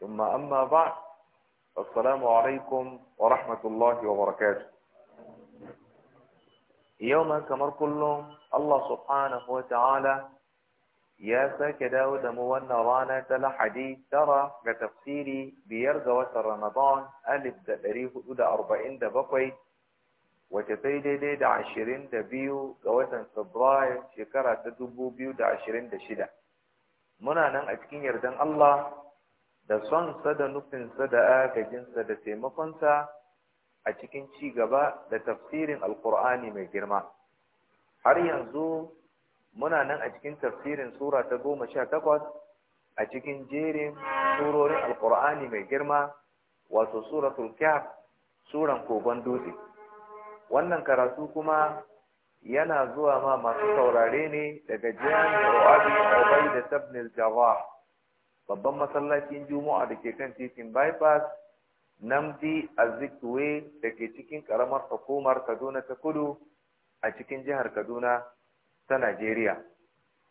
ثم أما بعد السلام عليكم ورحمة الله وبركاته يوما كما كلهم الله سبحانه وتعالى يا ساك داود مونا رانا تلا حديث ترى كتفسيري بيرد وتر رمضان ألف دريه أدى أربعين دبقي وتتيد ديد عشرين دبيو دوتن فبراير شكرا تدبو بيو دعشرين دشدة منا نم أتكين يردن الله da sonsa da nufinsa da agajinsa da taimakonsa a cikin ci gaba da tafsirin alkur'ani mai girma har yanzu muna nan a cikin tafsirin sura ta goma sha takwas a cikin jerin surorin alkur'ani mai girma wato suratul kyaf suran kogon dutse wannan karatu kuma yana zuwa ma masu saurare ne daga jami'ar abi ubaida ibn al-jawah babban masallacin juma'a da ke kan titin bypass namdi azikwe da ke cikin karamar hukumar kaduna ta kudu a cikin jihar kaduna ta najeriya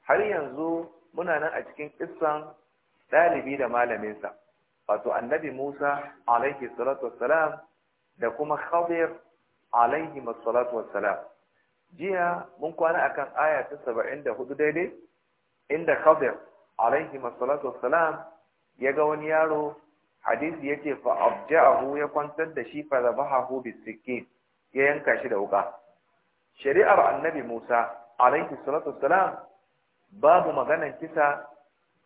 har yanzu muna nan a cikin kissan ɗalibi da malaminsa wato annabi musa alaihi salatu wassalam da kuma khabir alaihi salatu wassalam jiya mun kwana akan aya ta 74 daidai inda khabir alaihi masalatu wassalam ya ga wani yaro hadisi yace fa abja'ahu ya kwantar da shi fa Hubi bisikin ya yanka shi da wuka shari'ar annabi Musa alaihi salatu wassalam babu maganan kisa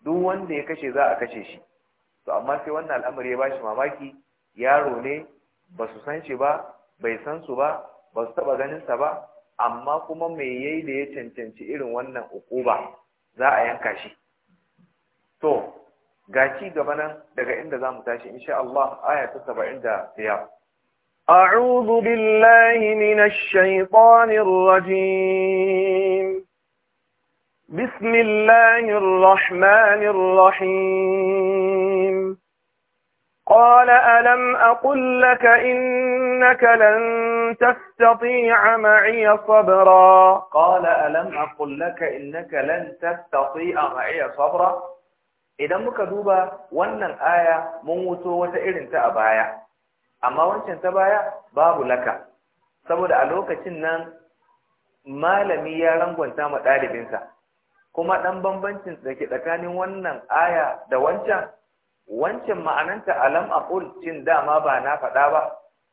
duk wanda ya kashe za a kashe shi to amma sai wannan al'amari ya bashi mamaki yaro ne ba su san shi ba bai san su ba ba su taba ganin sa ba amma kuma me yayi da ya cancanci irin wannan ukuba za a yanka shi to ga ci gaba nan daga inda za mu tashi insha Allah aya ta 75 ya a'udhu billahi minash shaitanir rajim bismillahir rahmanir rahim قال ألم أقل لك إنك لن تستطيع معي صبرا قال ألم أقل لك إنك لن تستطيع معي صبرا idan muka duba wannan aya mun wuto wata irin ta a baya amma wancan ta baya babu laka saboda a lokacin nan malami ya rangwanta ma ɗalibinsa kuma ɗan bambancin tsaki tsakanin wannan aya da wancan wancan ma'ananta alam a cin dama ba na faɗa ba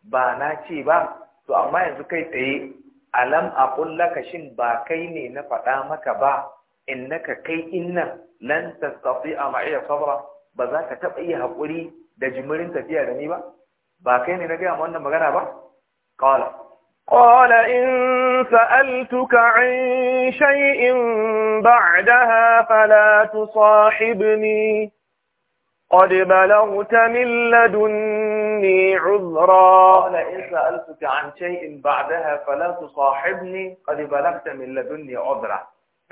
ba na ce ba to amma yanzu kai tsaye alam a laka shin ba kai ne na faɗa maka ba in naka kai innan لن تستطيع معي صبرا بذاك sabra ba za دجمر انت فيها hakuri da jimirin tafiya da ni ba قال إن سألتك عن شيء بعدها فلا تصاحبني قد بلغت من لدني عذرا قال إن سألتك عن شيء بعدها فلا تصاحبني قد بلغت من لدني عذرا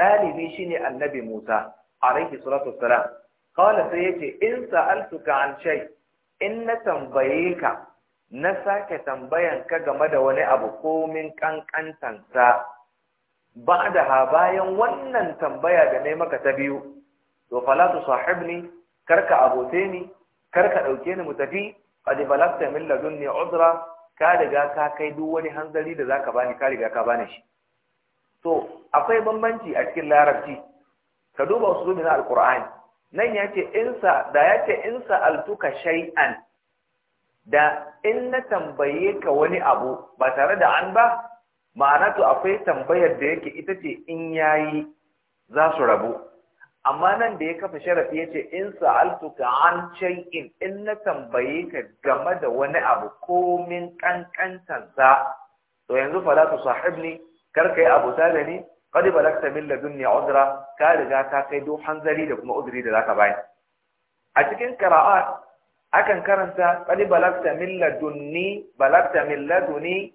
قال لي النبي موسى alaihi salatu wassalam qala sai yace in sa'altuka an shai in na tambaye ka na sake tambayan ka game da wani abu komin kankantansa da ha bayan wannan tambaya da nayi maka ta biyu to fala tusahibni karka abote ni karka ɗauke ni mu tafi qad balagta min ladunni uzra ka riga ka kai duk wani hanzari da zaka bani ka riga ka bani shi to akwai bambanci a cikin larabci ka duba wasu zumi na alkur'ani nan ya ce insa da ya ce insa altuka shay'an da in na tambaye ka wani abu ba tare da an ba ma'ana to akwai tambayar da yake ita ce in yayi za su rabu amma nan da ya kafa sharafi ya ce in sa'altuka an shay'in in na tambaye ka game da wani abu ko komin kankantansa to yanzu fa za tu sahibni kar kai abu da ni qad balagta min ladunni uzra ka riga ka kai do hanzari da kuma uzuri da zaka bayar a cikin qira'at akan karanta qad balagta min ladunni balagta min laduni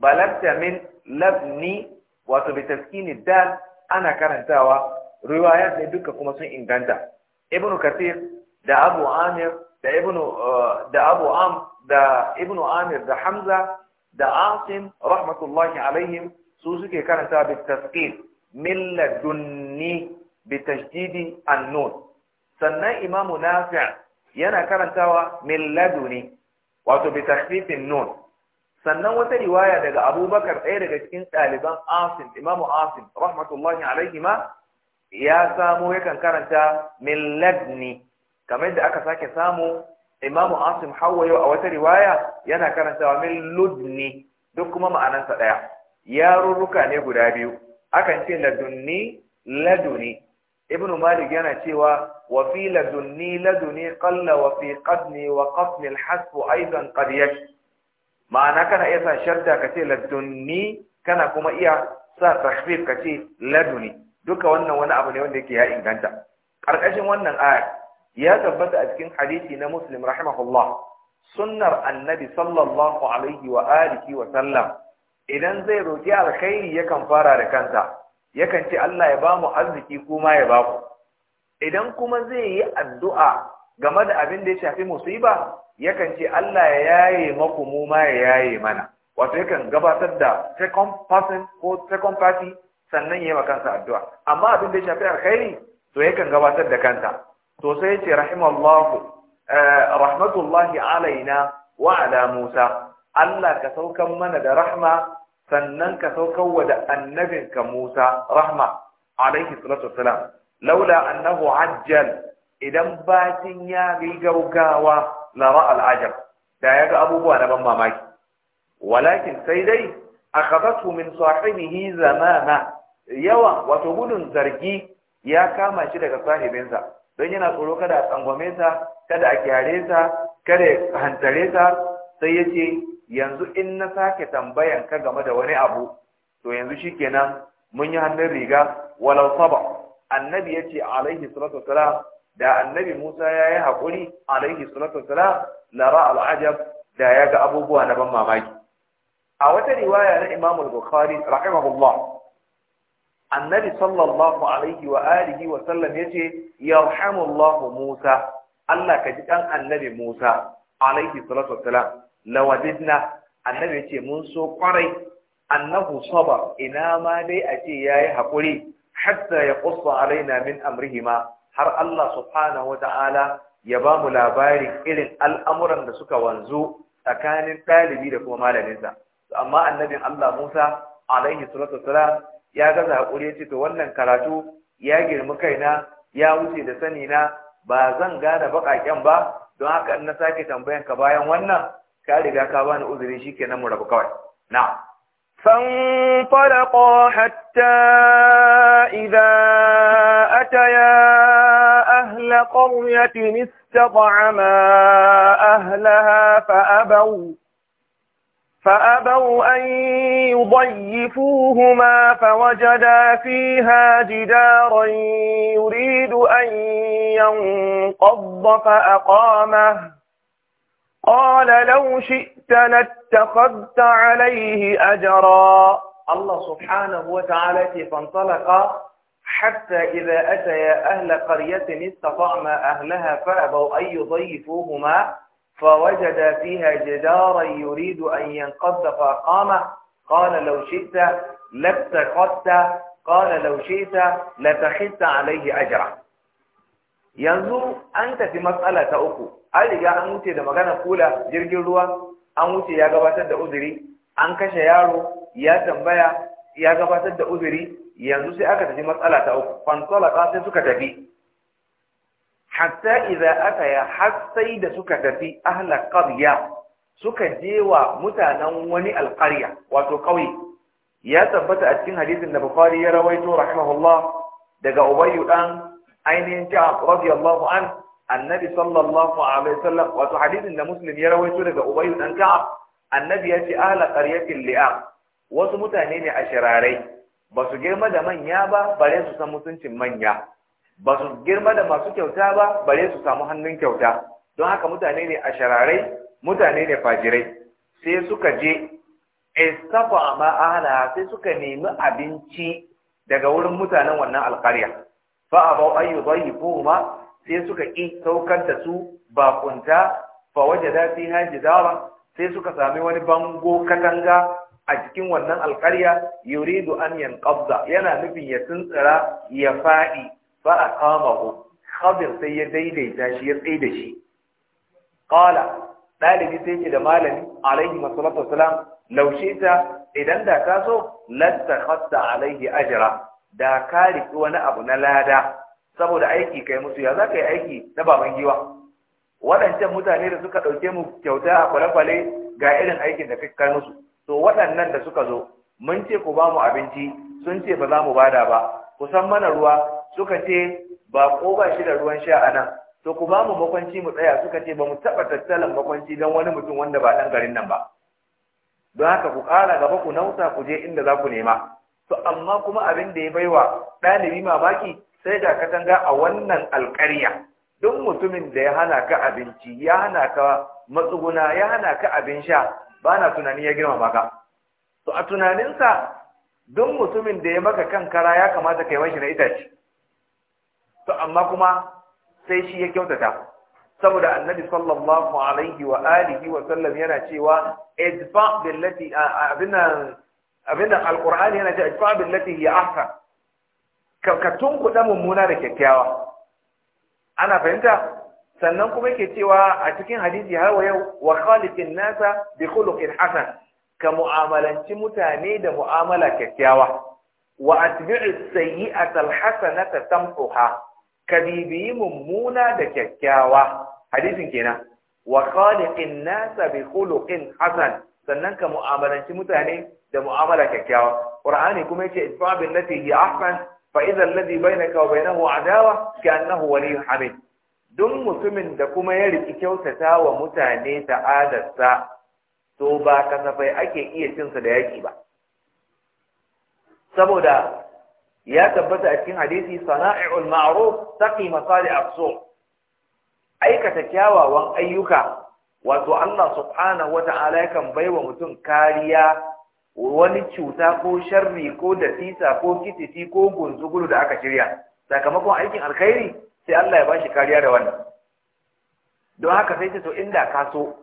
balagta min labni wato bi taskini dal ana karantawa riwayat ne duka kuma sun inganta ibnu kathir da abu amir da ibnu eh, da ibnu amir da hamza da asim rahmatullahi alaihim su suke karanta bi tasqil min ladunni bi tashdidi an-nun sannan Imam nafi' yana karantawa min laduni wato bi takhfifin nun sannan wata riwaya daga abubakar ɗaya daga cikin ɗaliban asim imamu asim rahmatullahi alaihi ma ya samu yakan karanta milladni ladni kamar da aka sake samu Imam asim hawayo a wata riwaya yana karantawa milludni ludni duk kuma ma'anansa ɗaya yarurruka ne guda biyu akan ce ladunni laduni ibn malik yana cewa wa fi ladunni laduni qalla wa fi qadni wa qatni al-hasb aidan qad yash ma'ana kana iya sa sharda ce ladunni kana kuma iya sa ka kace laduni duka wannan wani abu ne wanda yake ya inganta karkashin wannan aya ya tabbata a cikin hadisi na muslim rahimahullah sunnar annabi sallallahu alaihi wa alihi wa sallam idan zai roƙi alkhairi yakan fara da kanta, yakan ce Allah ya bamu arziki kuma ya baku idan kuma zai yi addu'a game da abin da ya shafi musiba yakan ce Allah ya yaye maku mu ma ya yaye mana wato yakan gabatar da second person ko second party sannan ya yi wa kansa addu'a amma abin da ya shafi alkhairi to yakan gabatar da kanta. to sai ya ce rahimallahu eh, rahmatullahi alaina wa ala musa Allah ka saukan mana da rahma sannan ka saukan wa da annabinka Musa rahma alaihi salatu wassalam laula annahu ajjal idan batin ya yi gaugawa la ra'al ajab da ya ga abubuwa na ban mamaki walakin sai dai akhadatu min sahibihi zamana yawa wato gudun zargi ya kama shi daga sahibinsa don yana tsoro kada a tsangwame ta, kada a kyare sa kada ya hantare ta, sai ya ce yanzu in na sake tambayan ka game da wani abu to yanzu shikenan mun yi hannun riga walau saba annabi ya ce alaihi salatu wasalam da annabi Musa ya yi haƙuri alaihi salatu wasalam la ra al'ajab da ya ga abubuwa na ban mamaki a wata riwaya na Imam al-Bukhari rahimahullah annabi sallallahu alaihi wa alihi wa sallam yace yarhamullahu Musa Allah ka ji dan annabi Musa alaihi salatu wasalam lawadidna annabi ce mun so kwarai annahu sabar ina ma dai a ce yayi haƙuri. hatta ya qussa alaina min amrihima har Allah subhanahu ya ba mu labarin irin al'amuran da suka wanzu tsakanin ɗalibi da kuma malaminsa amma annabin Allah Musa alaihi salatu wassalam ya gasa hakuri ya ce to wannan karatu ya girmi kaina ya wuce da sani na ba zan gane baƙaƙen ba don haka in na sake tambayanka bayan wannan ka riga ka bani uzuri shikenan نعم فانطلقا حتى إذا أتيا أهل قرية استطعما أهلها فأبوا فأبوا أن يضيفوهما فوجدا فيها جدارا يريد أن ينقض فأقامه قال لو شئت لاتخذت عليه أجرا الله سبحانه وتعالى فانطلق حتى إذا أتيا أهل قرية استطعما أهلها فأبوا أن يضيفوهما فوجد فيها جدارا يريد أن ينقض فقام قال لو شئت لاتخذت قال لو شئت لتخذت عليه أجرا yanzu an tafi matsala ta uku an riga an wuce da magana kula jirgin ruwa an wuce ya gabatar da uzuri an kashe yaro ya tambaya ya gabatar da uzuri yanzu sai aka tafi matsala ta uku fansalaka sai suka tafi hatta idza ya har sai da suka tafi ahla qarya suka je wa mutanen wani alqarya wato kauye ya tabbata a cikin hadisin da bukhari ya rawaito rahimahullah daga ubayyu dan ainihin cewa radiyallahu an annabi sallallahu alaihi wasallam wato hadisin da muslim ya rawaito daga ubay dan ka'ab annabi ya ce ahla qaryatin li'a. wasu mutane ne a shirarai ba su girma da manya ba bare su san mutuncin manya ba su girma da masu kyauta ba bare su samu hannun kyauta don haka mutane ne a shirarai mutane ne fajirai sai suka je istafa ma ahla sai suka nemi abinci daga wurin mutanen wannan alƙarya fa abau an yudayyifuhuma sai suka ki saukar da su bakunta fa wajada fiha ba sai suka sami wani bango katanga a cikin wannan alƙarya yuridu an yanqabda yana nufin ya tsintsira ya faɗi fa aqamahu khadir sai ya daidaita shi ya tsaye da shi qala dalibi sai ce da malami alaihi wasallatu wasalam laushe ta idan da ta so latta khatta alaihi ajra da ka riƙi wani abu na lada saboda aiki kai musu ya za ka yi aiki na baban giwa waɗancan mutane da suka ɗauke mu kyauta a kwale-kwale ga irin aikin da kai musu to waɗannan da suka zo mun ce ku ba mu abinci sun ce ba za mu bada ba ku san mana ruwa suka ce ba ko ba shi da ruwan sha a nan to ku ba mu makwanci mu tsaya suka ce ba mu taɓa tattalin makwanci don wani mutum wanda ba ɗan garin nan ba don haka ku ƙara gaba ku nausa ku je inda za ku nema to amma kuma abin da ya wa ɗalibi mamaki sai ga katanga a wannan alƙarya duk mutumin da ya hana ka abinci ya hana ka matsuguna ya hana ka abin sha ba na tunani ya girmama ka to a tunaninsa duk mutumin da ya maka kan kara ya kamata ka yi mashi na itace to amma kuma sai shi ya kyautata saboda annabi sallallahu alaihi wa alihi wa sallam yana cewa idfa billati abinna abinda alkur'ani yana cewa fa lati hi ahsan ka ka mummuna da kyakkyawa ana fahimta sannan kuma yake cewa a cikin hadisi har wa yau wa khaliqin nasa bi khuluqin hasan ka mu'amalanci mutane da mu'amala kyakkyawa wa atbi'i sayyi'ata alhasanata tamquha ka bibiyi mummuna da kyakkyawa hadisin kenan wa khaliqin nasa bi khuluqin hasan sannan ka mu'amalanci mutane da mu'amala kyakkyawa qur'ani kuma yace isfa bil lati hi ahsan fa idha alladhi bainaka wa bainahu adawa annahu wali habib duk mutumin da kuma ya riki kyautata wa mutane adarsa to ba kasafai ake iya cin sa da yaki ba saboda ya tabbata a cikin hadisi sana'i'ul ma'ruf taqi masali'a as aikata kyawawan ayyuka wato Allah subhanahu wata'ala yakan baiwa mutum kariya wani cuta ko sharri ko dafisa ko kititi ko gunzugulu da aka shirya sakamakon aikin alkhairi sai Allah ya bashi kariya da wannan don haka sai ta to inda ka so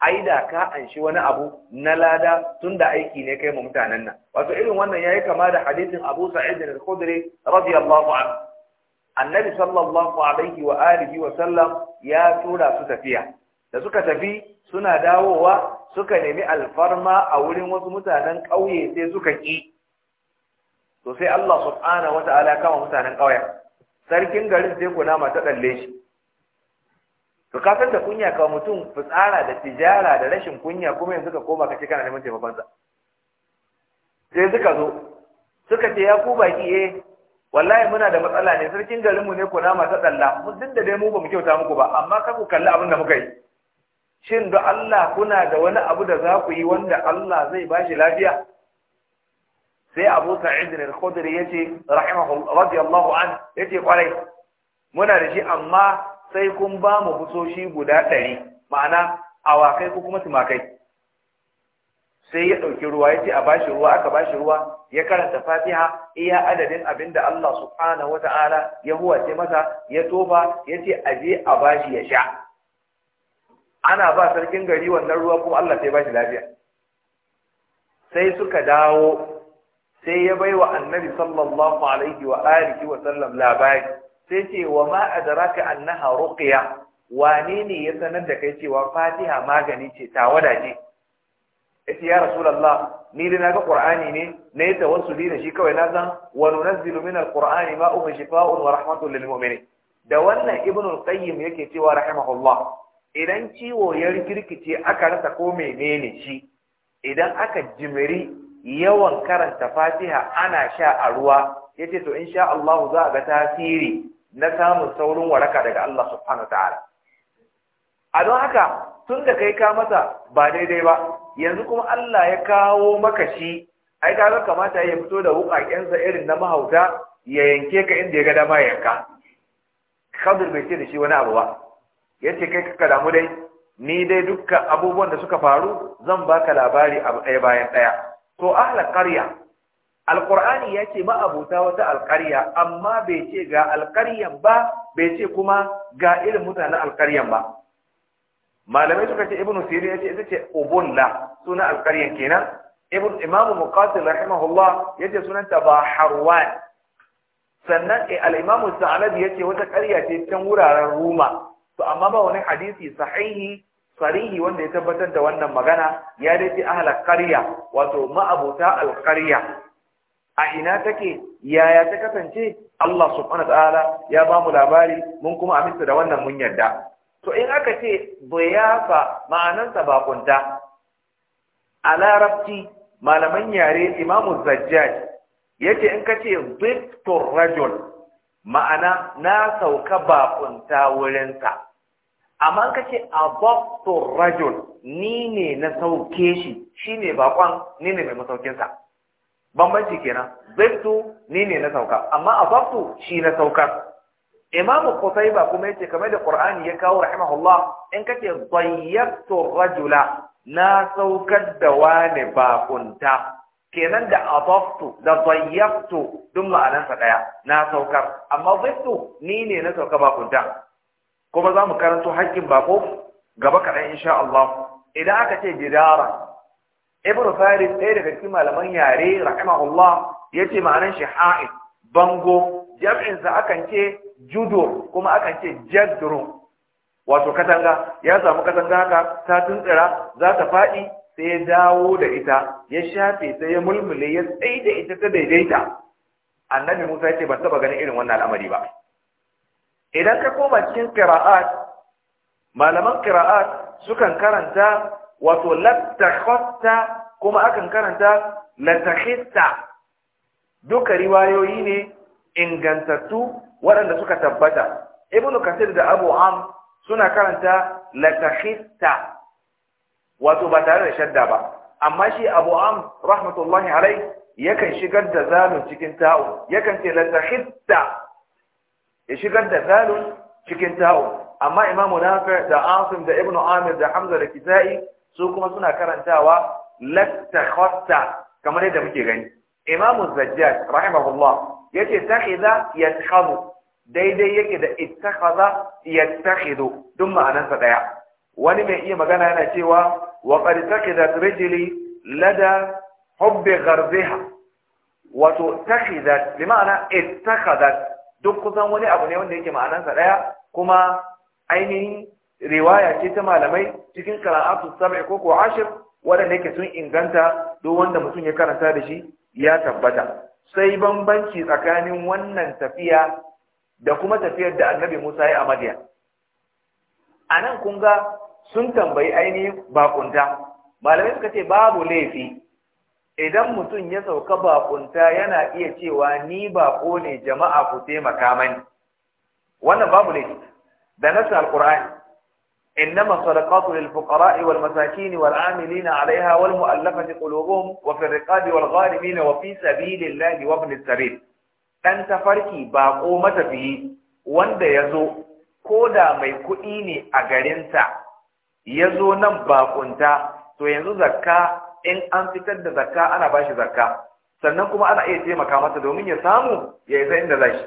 ai da ka anshi wani abu na lada tunda aiki ne kai ma mutanen nan wato irin wannan yayi kama da hadisin Abu Sa'id al-Khudri radiyallahu anhu annabi sallallahu alaihi wa alihi wa sallam ya tura su tafiya da suka tafi suna dawowa suka nemi alfarma a wurin wasu mutanen ƙauye sai suka ƙi to sai Allah subhanahu wata'ala kama mutanen ƙauyen sarkin garin sai kunama ta dalle shi to ka san da kunya ka mutum fitsara da tijara da rashin kunya kuma yanzu ka koma ka ce kana neman taimakon sa sai suka zo suka ce ya ku baki eh wallahi muna da matsala ne sarkin garin mu ne nama ta dalla duk da dai mu ba mu kyauta muku ba amma kar ku kalli abin da muka yi shin da Allah kuna da wani abu da za ku yi wanda Allah zai ba shi lafiya sai Abu Sa'id al-Khudri yace rahimahu radiyallahu an yace kwarai muna da shi amma sai kun ba mu busoshi guda ɗari ma'ana awakai ko kuma tumakai sai ya ɗauki ruwa ya ce a bashi ruwa aka bashi ruwa ya karanta fatiha iya adadin abin da Allah subhanahu wata'ala ya huwace masa ya tofa ya ce a je a bashi ya sha ana ba sarkin gari wannan ruwa kuma Allah sai ba shi lafiya sai suka dawo sai ya bai wa annabi sallallahu alaihi wa alihi wa sallam labari sai ce wa ma adraka annaha ruqya wane ne ya sanar da kai cewa fatiha magani ce ta ce yace ya rasulullah ni da naga qur'ani ne na yi tawassuli da shi kawai na san wa nunazzilu min alqur'ani ma shifaa'un wa rahmatun lil mu'minin da wannan ibnu qayyim yake cewa rahimahullah idan ciwo ya girkice aka rasa ko menene shi idan aka jimiri yawan karanta fatiha ana sha a ruwa ya ce to insha Allah za a ga tasiri na samun saurin waraka daga Allah subhanahu ta'ala a don haka tun da kai ka masa ba daidai ba yanzu kuma Allah ya kawo maka shi ai ka kamata ya fito da wukakensa irin na mahauta ya yanke ka inda ya ga dama yanka kadir bai ce da shi wani abu ba ya ce kai kaka damu dai ni dai dukkan abubuwan da suka faru zan baka labari abu ɗaya bayan ɗaya to ahlal qarya alqur'ani ya ce abuta wata alqarya amma bai ce ga alqaryan ba bai ce kuma ga irin mutanen alqaryan ba malamai suka ce ibnu sirri ya ce ita ce la. suna alqaryan kenan ibn imam muqatil rahimahullah yace sunanta ba harwan sannan eh, al-imam sa'labi yace wata ƙarya ce can wuraren ruma to amma ba wani hadisi sahihi sarihi wanda ya tabbatar da wannan magana ya dai a ahla qarya wato ma'abuta al-qarya a ina take yaya ta kasance Allah subhanahu ta'ala ya ba mu labari mun kuma aminta da wannan mun yarda to in aka ce biyafa ma'anansa kunta a larabci malaman yare imamu zajjaj yace in ka ce victor rajul ma'ana na sauka bakunta wurinsa amma ka ce aboktu rajul ni ne na sauke shi shi ne bakon ni ne mai masaukinsa bambanci kenan zaittu ni ne na sauka amma aboktu shi na saukar imam ba kuma yace kamar da qur'ani ya kawo rahimahullah in kace dayyabtu rajula na saukar da wani bakunta kenan da adaftu da dayyabtu duk ma'anansa daya na saukar amma zaittu ni ne na sauka bakunta kuma za mu karanto haƙƙin bako gaba kaɗan insha Allah idan aka ce jidara ibn faris ɗaya daga cikin malaman yare rahimahullah ya ce ma'anar shi ha'in bango jam'insa akan ce judo kuma akan ce jadro wato katanga ya samu katanga haka ta tuntsira za ta faɗi sai ya dawo da ita ya shafe sai ya mulmule ya tsaida ita ta daidaita annabi musa ya ce ban taɓa ganin irin wannan al'amari ba idan ka koma cikin qira'at malaman qira'at sukan karanta wato latakhatta kuma akan karanta latakhitta duka riwayoyi ne ingantattu waɗanda suka tabbata ibnu kasir da abu am suna karanta latakhitta wato ba tare da shadda ba amma shi abu am rahmatullahi alai yakan shigar da zamin cikin ta'u yakan ce latakhitta ya shigar da dalun cikin ta'un amma imamu nafi da asim da ibnu amir da hamza da kitai su kuma suna karantawa latakhatta kamar yadda muke gani imamu zajjaj rahimahullah yace takhidha yatakhabu daidai yake da ittakhadha Dun duk ma'anansa daya wani mai iya magana yana cewa wa qad takhidat rijli lada hubbi gharziha wato takhidat bi ma'ana ittakhadhat duk kusan wani abu ne wanda yake ma'anansa ɗaya kuma ainihin riwaya ce ta malamai cikin karatu sab'i ko ko ashir waɗanda yake sun inganta duk wanda mutum ya karanta da shi ya tabbata sai bambanci tsakanin wannan tafiya da kuma tafiyar da annabi Musa ya amarya. a nan kun ga sun tambayi ainihin bakunta malamai suka ce babu laifi idan mutum ya sauka bakunta yana iya cewa ni bako ne jama'a ku taimaka mani wannan babu ne da nasu alqur'ani wal الصدقات للفقراء والمساكين والعاملين عليها والمؤلفة قلوبهم وفي الرقاب والغارمين وفي wa ibn وابن sabil ɗan tafarki baƙo matafiyi wanda yazo zo ko da mai kuɗi ne a ta, ya zo nan baƙunta to yanzu zakka in an fitar da zakka ana ba shi zakka sannan kuma ana iya taimaka masa domin ya samu ya isa inda zai shi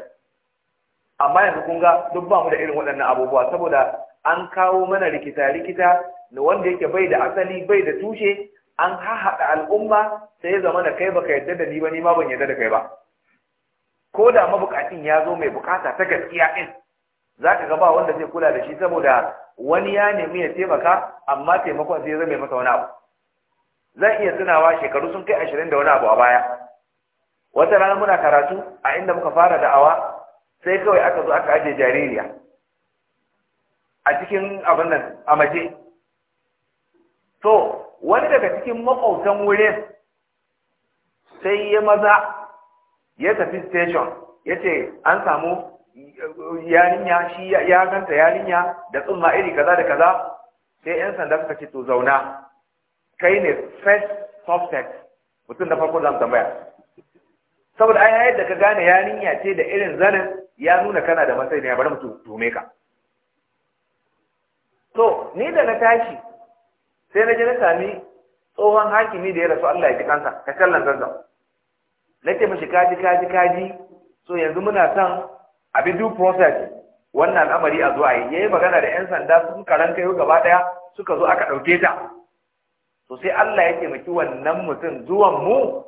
amma yanzu kun ga duk ba mu da irin waɗannan abubuwa saboda an kawo mana rikita-rikita na wanda yake bai da asali bai da tushe an hahaɗa al'umma sai zama da kai baka yarda da ni ba ni ma ban yarda da kai ba ko da mabukatin ya zo mai bukata ta gaskiya din ka ga ba wanda zai kula da shi saboda wani ya nemi ya taimaka amma taimakon sai ya zama masa wani abu zan iya tunawa shekaru sun kai ashirin da wani abu a baya wata rana muna karatu a inda muka fara da'awa sai kawai aka zo aka ajiye jaririya a cikin abin nan a maje to wani daga cikin makwautan wurin sai ya maza ya tafi station ya ce an samu yarinya shi ya ganta yarinya da tsumma iri kaza da kaza sai 'yan sanda suka ce to zauna kai ne first suspect mutum da farko zan tambaya saboda ai yayin da ka gane yarinya ce da irin zanin ya nuna kana da matsayi ne ya bari mutum tume ka to ni da na tashi sai na je na sami tsohon hakimi da ya rasu Allah ya ji kansa ka kallan zanzan nake mishi kaji kaji kaji so yanzu muna son a bi due process wannan al'amari a zuwa yi yayi magana da yan sanda sun karanta yau gaba daya suka zo aka dauke ta to sai Allah ya taimaki wannan mutum zuwan mu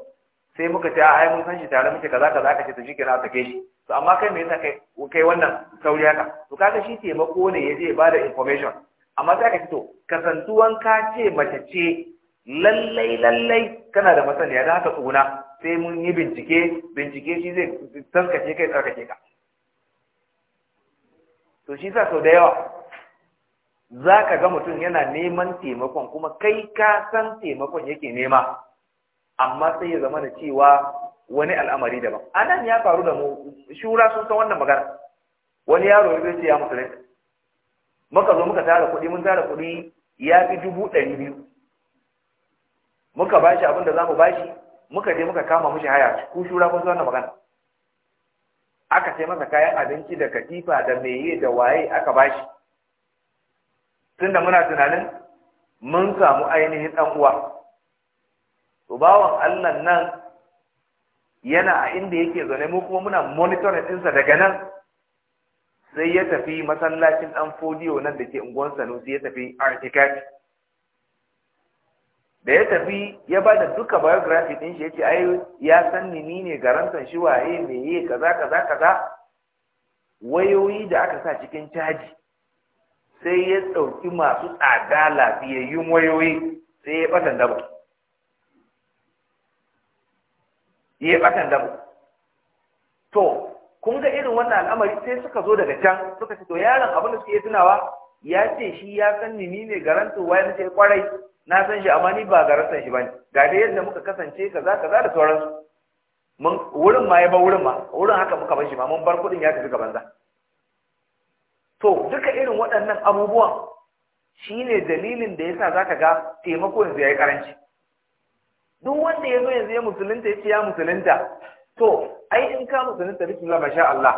sai muka ce ai mun san shi tare muke kaza kaza ka ce to shikenan aka sake shi to amma kai me yasa kai kai wannan sauri haka to kaga shi taimako ne ya je ba da information amma sai ka ce to kasantuwan ka ce mace ce lallai lallai kana da masaniya da haka tsuna sai mun yi bincike bincike shi zai taskace kai tsarkake ka to shi sa sau da yawa za ka ga mutum yana neman taimakon kuma kai ka san taimakon yake nema amma sai ya zama da cewa wani al'amari daban a nan ya faru da mu shura sun san wannan magana wani yaro ya zai ce ya musulunta muka zo muka tara kuɗi mun tara kuɗi ya fi dubu ɗari biyu muka bashi abin da za mu bashi? muka je muka kama mushi haya ku shura kun san wannan magana aka sai masa kayan abinci da katifa da meye da waye aka bashi. tunda muna tunanin mun samu ainihin dan uwa to bawon Allah nan yana a inda yake zaune mu kuma muna monitoring ɗinsa daga nan sai ya tafi masallacin dan fodiyo nan da ke unguwar Sanusi ya tafi Artikat da ya tafi ya ba da duka biography ɗin shi yace ai ya san ni ni ne garantan shi waye meye kaza kaza kaza wayoyi da aka sa cikin caji sai ya ɗauki masu tsada lafiyayyun wayoyi sai ya ɓatan dabu. ya ɓatan dabu. to kun ga irin wannan al'amari sai suka zo daga can suka ce to yaron abin da suke tunawa ya ce shi ya san ni ni ne garanto wa yana ce kwarai na san shi amma ni ba garantan shi ne. ga dai yadda muka kasance kaza kaza da sauransu mun wurin ma ya ba wurin ma wurin haka muka bar shi ma mun bar kuɗin ya tafi ga banza to duka irin waɗannan abubuwan shine dalilin da ya sa za ka ga taimako yanzu yi karanci duk wanda ya zo yanzu ya musulunta ci ya musulunta to ai in ka musulunta bismillah masha Allah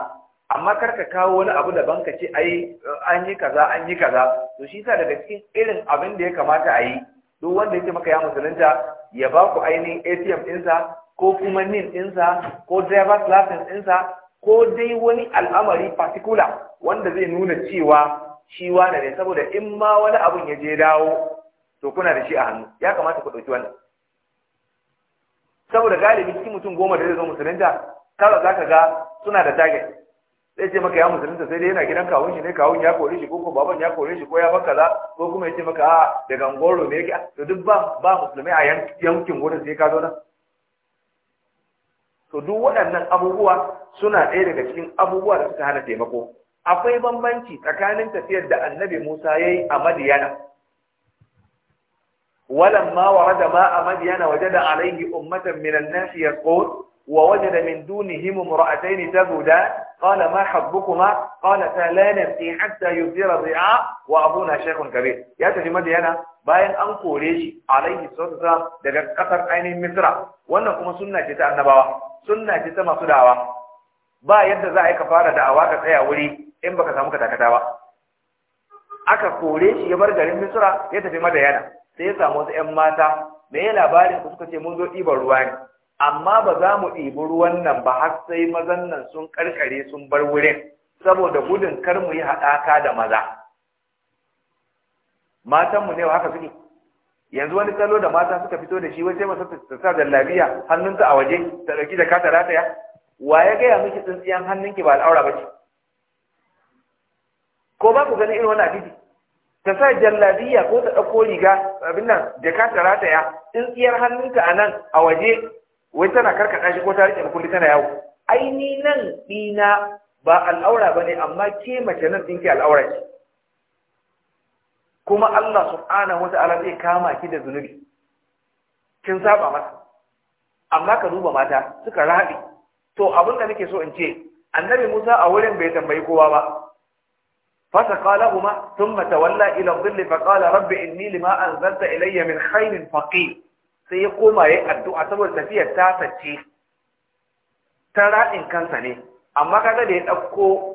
amma kar ka kawo wani abu daban ka ce ai an yi kaza an yi kaza to shi sa daga cikin irin abin da ya kamata a yi duk wanda ya ce maka ya musulunta ya ba ku ainihin ATM ɗinsa ko kuma NIN ɗinsa ko driver's license ɗinsa ko dai wani al'amari fasikula wanda zai nuna cewa shi wane ne saboda in ma wani abun ya je dawo to kuna da shi a hannu ya kamata ku ɗauki wannan saboda galibi cikin mutum goma da zai zo musulunta kawai za ka ga suna da target zai ce maka ya musulunta sai dai yana gidan kawun shi ne kawun ya kore shi ko ko baban ya kore shi ko ya baka za ko kuma ya ce maka a daga ngoro ne yake to duk ba ba musulmai a yankin wurin sai ka zo nan to duk waɗannan abubuwa suna ɗaya daga cikin abubuwa da suka hana taimako akwai bambanci tsakanin tafiyar da annabi Musa ya yi a Madiyana walamma rada ma a Madiyana wajada alaihi ummatan minan nasi yaqul Wa waje ووجد من دونهم امرأتين تبودان قال ما حبكما قالتا لا نبكي حتى يبدر الرعاء وأبونا شيخ كبير يا تجمد هنا bayan an kore shi alaihi sallam daga kasar ainihin Misra wannan kuma sunna ce ta annabawa sunna ce ta masu da'awa ba yadda za a yi ka fara da'awa ka tsaya wuri in baka samu kata'kata takata ba aka kore shi ya bar garin Misra ya tafi yana, sai ya samu wasu 'yan mata me ya labarin ku suka ce mun zo ɗiban ruwa ne amma ba za mu ɗibi ruwan nan ba har sai mazan nan sun karkare sun bar wurin saboda gudun kar mu yi haɗaka da maza matanmu ne haka suke yanzu wani salo da mata suka fito da shi wai sai masu ta sa jallabiya hannunta a waje ta ɗauki da kata ya, wa ya gaya miki tsintsiyan hannunki ba al'aura ba ce ko ba ku ganin irin wani abidi ta sa jallabiya ko ta ɗauko riga abin nan da kata ya tsintsiyar hannunta a nan a waje wai tana karkata shi ko ta rike makulli tana yawo ai ni nan dina ba al'aura bane amma ke mace nan din ke al'aura ce kuma Allah subhanahu wata'ala zai kama ki da zunubi kin saba masa amma ka duba mata suka rabi to abin da nake so in ce annabi Musa a wurin bai tambayi kowa ba فسقى thumma tawalla ila dhilli fa qala rabbi inni lima anzalta ilayya min khayrin faqir sai ya koma ya yi addu'a saboda tafiyar ta sace ta raɗin kansa ne amma kaga da ya ɗauko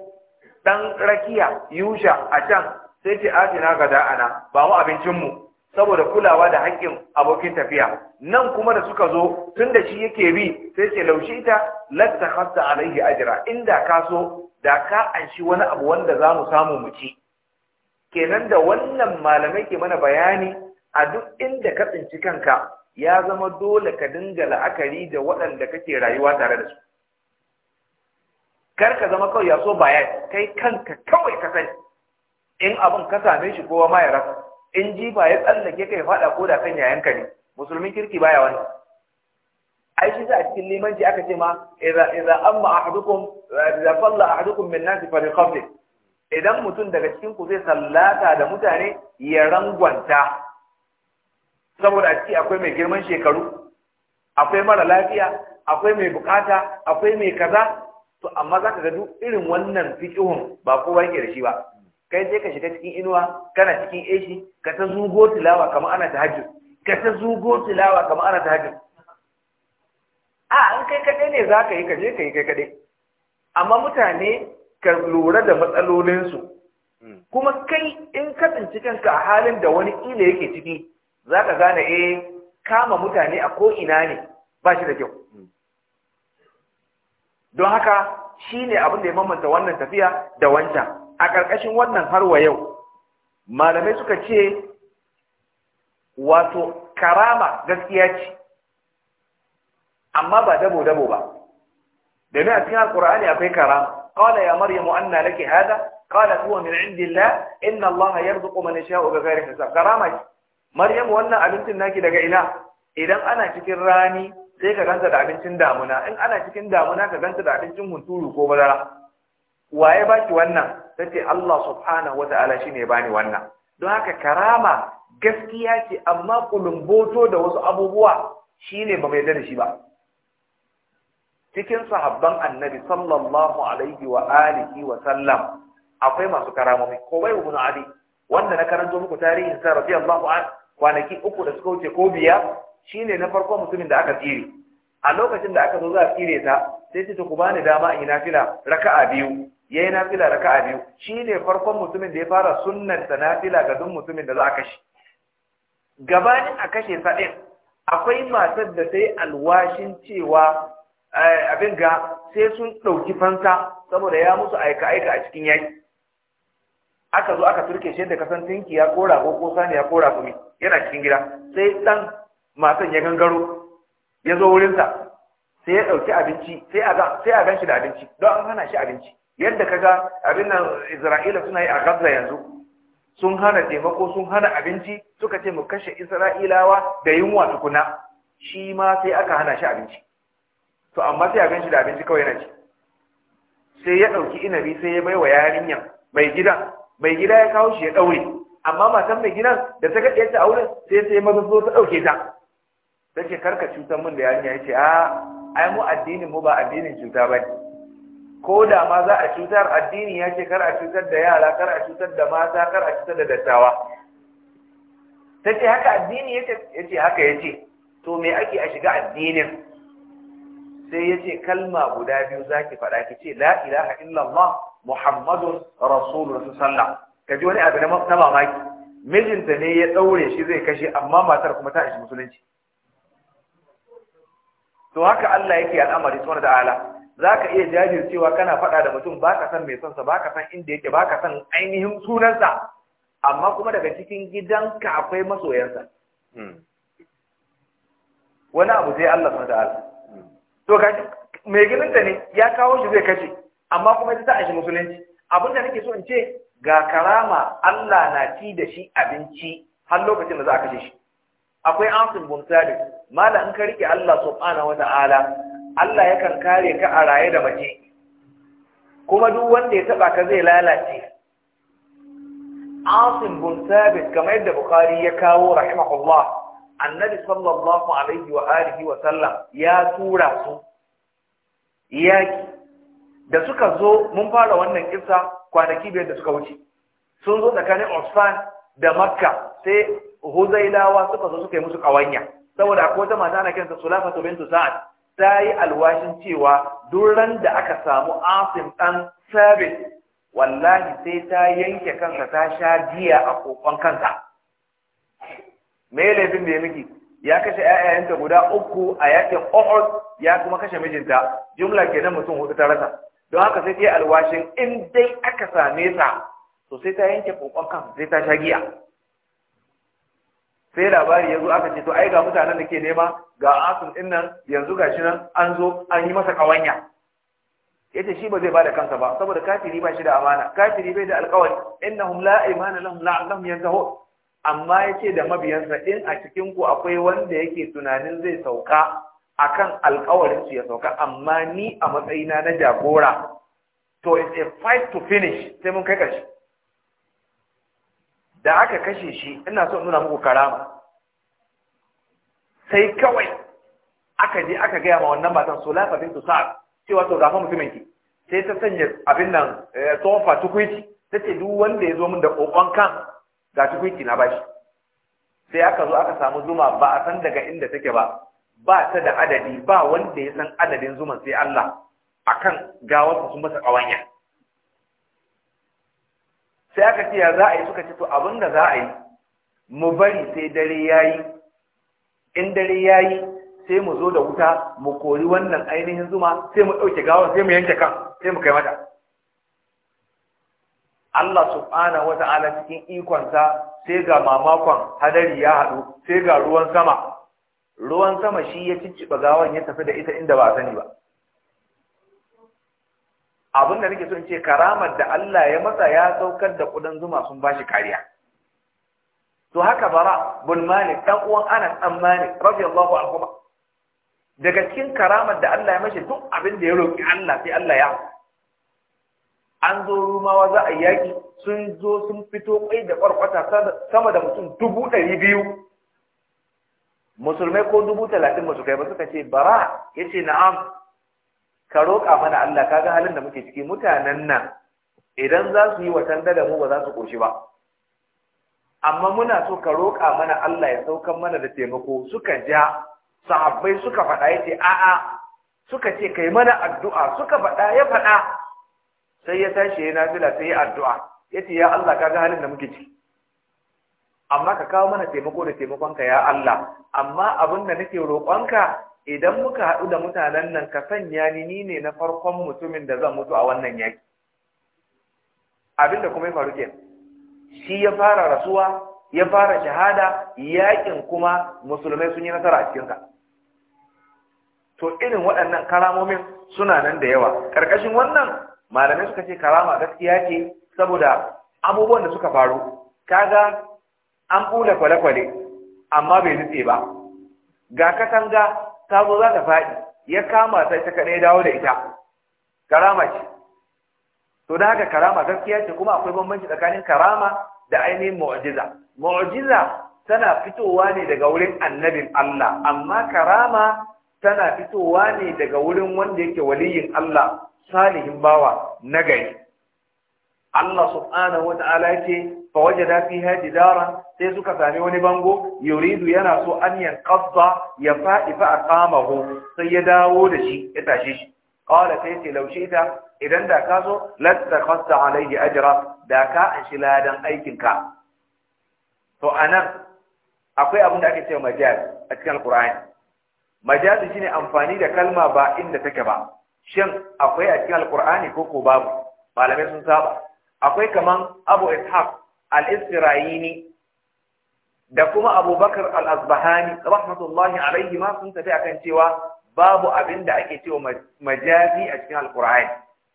ɗan rakiya yusha a can sai ce atina ga da'ana ba mu abincinmu saboda kulawa da haƙƙin abokin tafiya nan kuma da suka zo tun da shi yake bi sai ce laushe ta latta hasta alaihi ajira inda ka so da ka anshi wani abu wanda za mu samu mu ci kenan da wannan malamai ke mana bayani a duk inda ka tsinci kanka ya zama dole ka dinga la'akari da waɗanda kake rayuwa tare da su kar ka zama kawai ya so bayan kai kanka kawai ka sani in abin ka same shi kowa ma ya rasa in jifa ya tsallake kai faɗa ko da kan yayanka ne musulmin kirki baya wani. ai shi a cikin limanci aka ce ma idza idza amma da idza a hadukun min nasi fa idan mutum daga cikin ku zai sallata da mutane ya rangwanta saboda a ciki akwai mai girman shekaru akwai mara lafiya akwai mai bukata akwai mai kaza to amma za ka ga duk irin wannan fikihun ba kowa yake da shi ba kai sai ka shiga cikin inuwa kana cikin eshi ka ta zugo tilawa kamar ana ta hajji ka ta zugo tilawa kamar ana ta hajji a an kai kadai ne za ka yi ka je ka yi kai kadai amma mutane ka lura da matsalolinsu hmm. kuma kai in ka tsinci kanka a halin da wani ila yake ciki za ka gane eh kama mutane a ko'ina ne ba shi da kyau don haka shi ne abin da ya mamanta wannan tafiya da wancan a ƙarƙashin wannan har wa yau malamai suka ce wato karama gaskiya ce amma ba dabo-dabo ba domin a cikin alkur'ani akwai karama qala ya maryamu anna lake hada qalat huwa min indillah inna allaha yarzuqu man ga gari hasa karama ce maryam wannan abincin naki daga ina idan ana cikin rani sai ka ganta da abincin damuna in ana cikin damuna ka ganta da abincin hunturu ko bazara waye baki wannan tace Allah subhanahu wataala shine bani wannan don haka karama gaskiya ce amma kulumboto da wasu abubuwa shine ba mai da shi ba cikin sahabban annabi sallallahu alaihi wa alihi wa sallam akwai masu karamomi ko bai ibn adi wanda na karanto muku tarihin sa Allahu anhu kwanaki uku da suka wuce ko biya shine na farko mutumin da aka tsire a lokacin da aka zo za a tsire ta sai ta ku bani dama in yi nafila raka'a biyu Ya yi nafila raka'a biyu shine farkon mutumin da ya fara sunanta nafila ga duk mutumin da za a kashe gabanin a kashe sa ɗin akwai matar da ta yi alwashin cewa eh, abin ga sai sun ɗauki fansa saboda ya musu aika-aika a cikin yaki aka zo aka turke shi da kasan tinki ya kora ko ko sani ya kora kuma yana cikin gida sai dan matan ya gangaro ya zo sa sai ya ɗauki abinci sai a gan shi da abinci don an hana shi abinci yadda kaga abin nan isra'ila suna yi a gaza yanzu sun hana taimako sun hana abinci suka ce mu kashe isra'ilawa da yunwa tukuna shi ma sai aka hana shi abinci to amma sai a ganshi shi da abinci kawai na ci sai ya ɗauki inabi sai ya bai wa yarinyan mai gidan mai gida ya kawo shi ya daure amma matan mai gidan da ta gaɗe ta auren sai sai maza zo ta ɗauke ta ta ce karka cutar min da yarinya ya ce a ai mu addinin mu ba addinin cuta ba ko da ma za a cutar addini ya ce kar a cutar da yara kar a cutar da mata kar a cutar da dattawa ta ce haka addini ya ce haka ya ce to me ake a shiga addinin sai ya ce kalma guda biyu za ki faɗa ki ce la ilaha illallah muhammadun rasulun sallah ka ji wani abu na mamaki mijinta ne ya ɗaure shi zai kashe amma matar kuma ta ishi musulunci to haka Allah yake al'amari suwar da ala za ka iya jajircewa kana faɗa da mutum ba ka san mai sonsa ba ka san inda yake ba ka san ainihin sunansa amma kuma daga cikin gidanka akwai masoyansa hmm. wani abu zai Allah da ala. Hmm. to ga mai gidanta ne ya kawo shi zai kashe amma kuma ita ta ashi musulunci abinda nake so in ce ga karama Allah na ci da shi abinci har lokacin da za a kashe shi akwai ansin bin mala in ka rike Allah subhanahu Ta'ala. Allah ya kan kare ka a raye da mace kuma duk wanda ya taba ka zai lalace ansin bin Sabit yadda Bukhari ya kawo rahimahullah annabi sallallahu alaihi wa alihi wa sallam ya tura su yaki da suka zo mun fara wannan kisa kwanaki biyar da suka wuce sun zo tsakanin Osman da Makka sai Huzailawa suka zo suka yi musu kawanya saboda akwai wata mata ana sulafa to bintu Sa'ad ta yi alwashin cewa duk ran da aka samu Asim dan Sabit wallahi sai ta yanke kansa ta sha jiya a kokon kansa me laifin da ya miki ya kashe ƴaƴayenta guda uku a yakin Uhud ya kuma kashe mijinta jumla kenan mutum hudu ta rasa don haka sai ta yi alwashin in dai aka same sa to sai ta yanke kokon kan sai ta sha giya sai labari ya zo aka ce to ai ga mutanen da ke nema ga asun din nan yanzu gashi nan an zo an yi masa kawanya yace shi ba zai bada kansa ba saboda kafiri ba shi da amana kafiri bai da alƙawari innahum la imana lahum la'allahum yanzahu amma yace da mabiyansa in a cikin ku akwai wanda yake tunanin zai sauka akan alƙawarin su ya sauka amma ni a matsayina na jagora to it's a fight to finish sai mun kai kashi da aka kashe shi ina so nuna muku karama sai kawai aka je aka gaya ma wannan matan sulafa bintu sa'ad cewa to gafa mutumin sai ta sanya abin nan eh, tsofa tukuici ta ce duk wanda ya zo min da kokon kan ga tukuici na bashi sai aka zo aka samu zuma ba a san daga inda take ba ba ta da adadi ba wanda ya san adadin zuman sai Allah akan gawarsa sun masa ƙawanya sai aka ce ya za a yi suka ce to abin da za a yi mu bari sai dare yayi in dare yayi sai mu zo da wuta mu kori wannan ainihin zuma sai mu ɗauke gawar sai mu yanke kan sai mu kai mata Allah subhanahu wa ta'ala cikin ikonsa sai ga mamakon hadari ya haɗu sai ga ruwan sama ruwan sama shi ya cici bagawan ya tafi da ita inda ba sani ba abin da nake so in ce karamar da Allah ya masa ya saukar da kudan zuma sun bashi kariya to haka bara bin malik dan uwan anas dan malik radiyallahu anhu daga cikin karamar da Allah ya mashi duk abin da ya roki Allah sai Allah ya an zo rumawa za a yaki sun zo sun fito kai da kwarkwata sama da mutum dubu ɗari biyu musulmai ko dubu talatin ba su kai ba suka ce bara ya ce na'am ka roƙa mana Allah kaga halin da muke ciki mutanen nan idan za su yi watan da mu ba za su ƙoshi ba amma muna so ka roƙa mana Allah ya saukan mana da taimako suka ja sahabbai suka faɗa ya ce a'a suka ce kai mana addu'a suka faɗa ya faɗa sai ya tashi ya nafila sai ya addu'a ya ce ya Allah kaga halin da muke ciki amma ka kawo mana taimako da taimakonka ya Allah amma abin da nake roƙonka idan muka haɗu da mutanen nan ka sanya ni ni ne na farkon mutumin da zan mutu a wannan yaki abinda kuma ya faru ke shi ya fara rasuwa ya fara shahada yakin kuma musulmai sun yi nasara a cikinka. to irin waɗannan karamomin suna nan da yawa ƙarƙashin wannan malamai suka ce karama gaskiya ce saboda abubuwan da suka faru kaga an kula kwale-kwale amma bai nutse ba ga katanga ta zo za ta faɗi ya kama sai ta kaɗai dawo da ita karama ce to da haka karama gaskiya ce kuma akwai bambanci tsakanin karama da ainihin mu'jiza mu'jiza tana fitowa ne daga wurin annabin Allah amma karama tana fitowa ne daga wurin wanda yake waliyin Allah salihin bawa na gari Allah subhanahu wa ta'ala yake fa wajada fiha jidara sai suka sami wani bango yuridu yana so an yanqadda ya fa'i fa aqamahu sai ya dawo da shi ya tashe shi qala sai ce laushe ta idan da ka so lattakhasta alayhi ajra da ka an ladan aikin ka to anan akwai abin da ake cewa majaz a cikin alqur'ani majazi shine amfani da kalma ba inda take ba shin akwai a cikin alqur'ani ko ko babu malamai sun saba akwai kaman abu ishaq al-isra'ini da kuma abubakar al-azbahani rahmatullahi alaihi ma sun tafi akan cewa babu abin da ake cewa majazi a cikin alkur'ani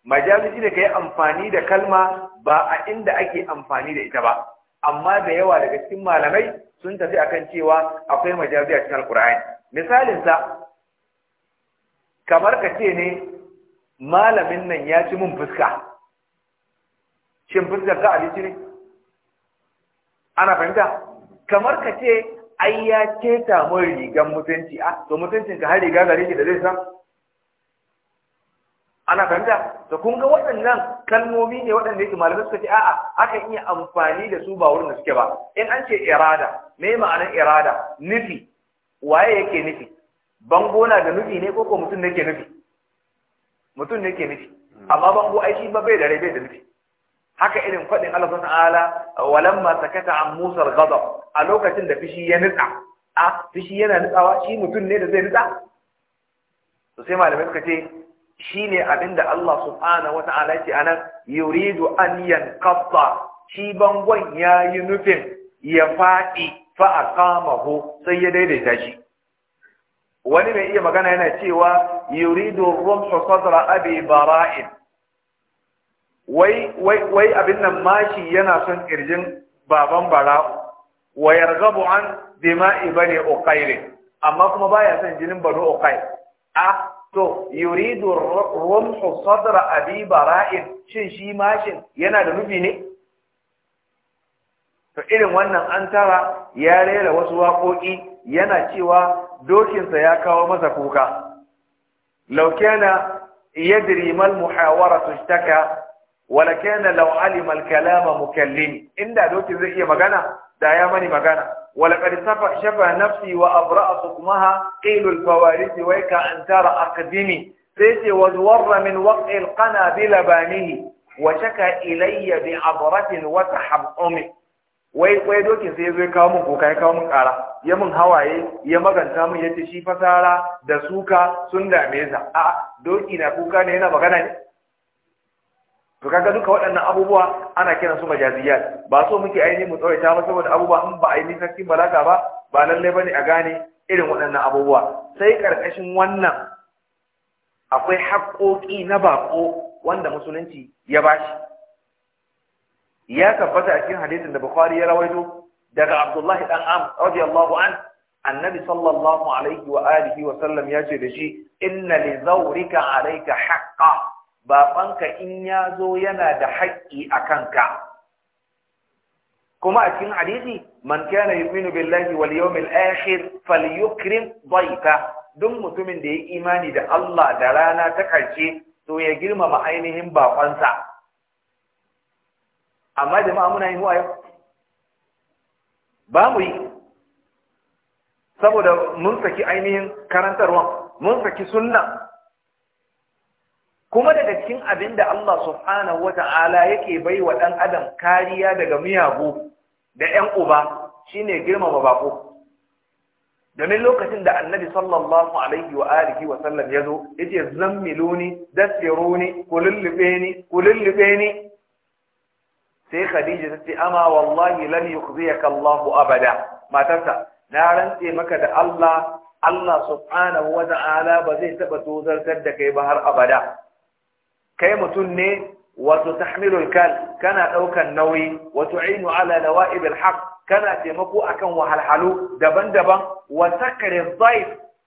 majazi shine kai amfani da kalma ba a inda ake amfani da ita ba amma da yawa daga cikin malamai sun tafi akan cewa akwai majazi a cikin alkur'ani misalin sa kamar ka ce ne malamin nan ya ci mun fuska shin fuskar ka abinci ne ana fahimta kamar ka ce ai ya keta mun rigan mutunci a ah, to mutuncin ka har riga gare shi da zai san ana fahimta to kun ga waɗannan kalmomi ne waɗanda yake malamai suka ce a'a akan iya amfani da su ba wurin da suke ba in an ce irada me ma'anar irada nufi waye yake nufi bango na da nufi ne koko mutum ne ke nufi mutum ne yake nufi amma bango ai shi ba bai da rai bai da nufi haka irin faɗin Allah subhanahu ta'ala walamma sakata an Musa al-ghadab a lokacin da fishi ya nitsa a fishi yana nitsawa shi mutum ne da zai nitsa to sai malamai suka ce shine abinda Allah subhanahu wata'ala ya ce anan yuridu an yanqata shi bangon yayi nufin ya faɗi fa aqamahu sai ya daidaita shi wani mai iya magana yana cewa yuridu rumhu sadra abi bara'in wai abin nan mashi yana son ƙirjin baban bara'u wa yarghabu an dima ibane ukaire, amma kuma baya son jinin bano uqayl a to yuridu rumhu sadra abi bara'in shin shi mashin yana da nufi ne to irin wannan an tara ya rera wasu waƙoƙi yana cewa dokinsa ya kawo masa kuka laukena yadri mal muhawara tushtaka wala kana law alima al kalama mukallim inda doki zai iya magana da ya mani magana wala qad safa shafa nafsi wa abra'a sukmaha qilu al fawarith wa ka antara aqdimi sai ce wa zuwarra min waqi al qana bi labanihi wa shaka ilayya bi abratin wa tahammumi wai wai dokin sai zai kawo min kokai kawo min kara ya min hawaye ya maganta min yace shi fasara da suka sun dame sa a doki na kuka ne yana magana ne to kaga duka waɗannan abubuwa ana kiran su majaziyat ba so muke aini mu ta ba wani abubuwa in ba aini sarki balaga ba ba lallai bane a gane irin waɗannan abubuwa sai ƙarƙashin wannan akwai haƙƙoƙi na baƙo wanda musulunci ya bashi ya tabbata a cikin hadisin da bukhari ya rawaito daga abdullahi dan am radiyallahu an annabi sallallahu alaihi wa alihi wa sallam ya ce da shi inna li zawrika alayka haqqan babanka in ya zo yana da haƙƙi a kanka kuma a cikin hadisi man kana yu'minu billahi wal yawmil akhir falyukrim dayfa duk mutumin da ya imani da Allah da rana ta karshe to ya girmama ainihin bakonsa amma jama'a muna yin wayo ba mu yi saboda mun saki ainihin karantarwa mun saki sunna kuma daga cikin abin da Allah subhanahu ta'ala yake bai wa ɗan adam kariya daga miyagu da ‘yan uba shine girmama bako domin lokacin da annabi sallallahu alaihi wa alihi wa sallam ya zo ya ce zammiluni ku lullube ni ku ni sai khadija ta ce ama wallahi lan yukhziyaka Allahu abada matarsa na rantse maka da Allah Allah subhanahu wa ta'ala ba zai taba tozartar da kai ba har abada kai mutum ne wato tahmilul kal kana daukan nauyi wato ainu ala nawaibil haqq kana taimako akan wahalhalu daban-daban wa sakari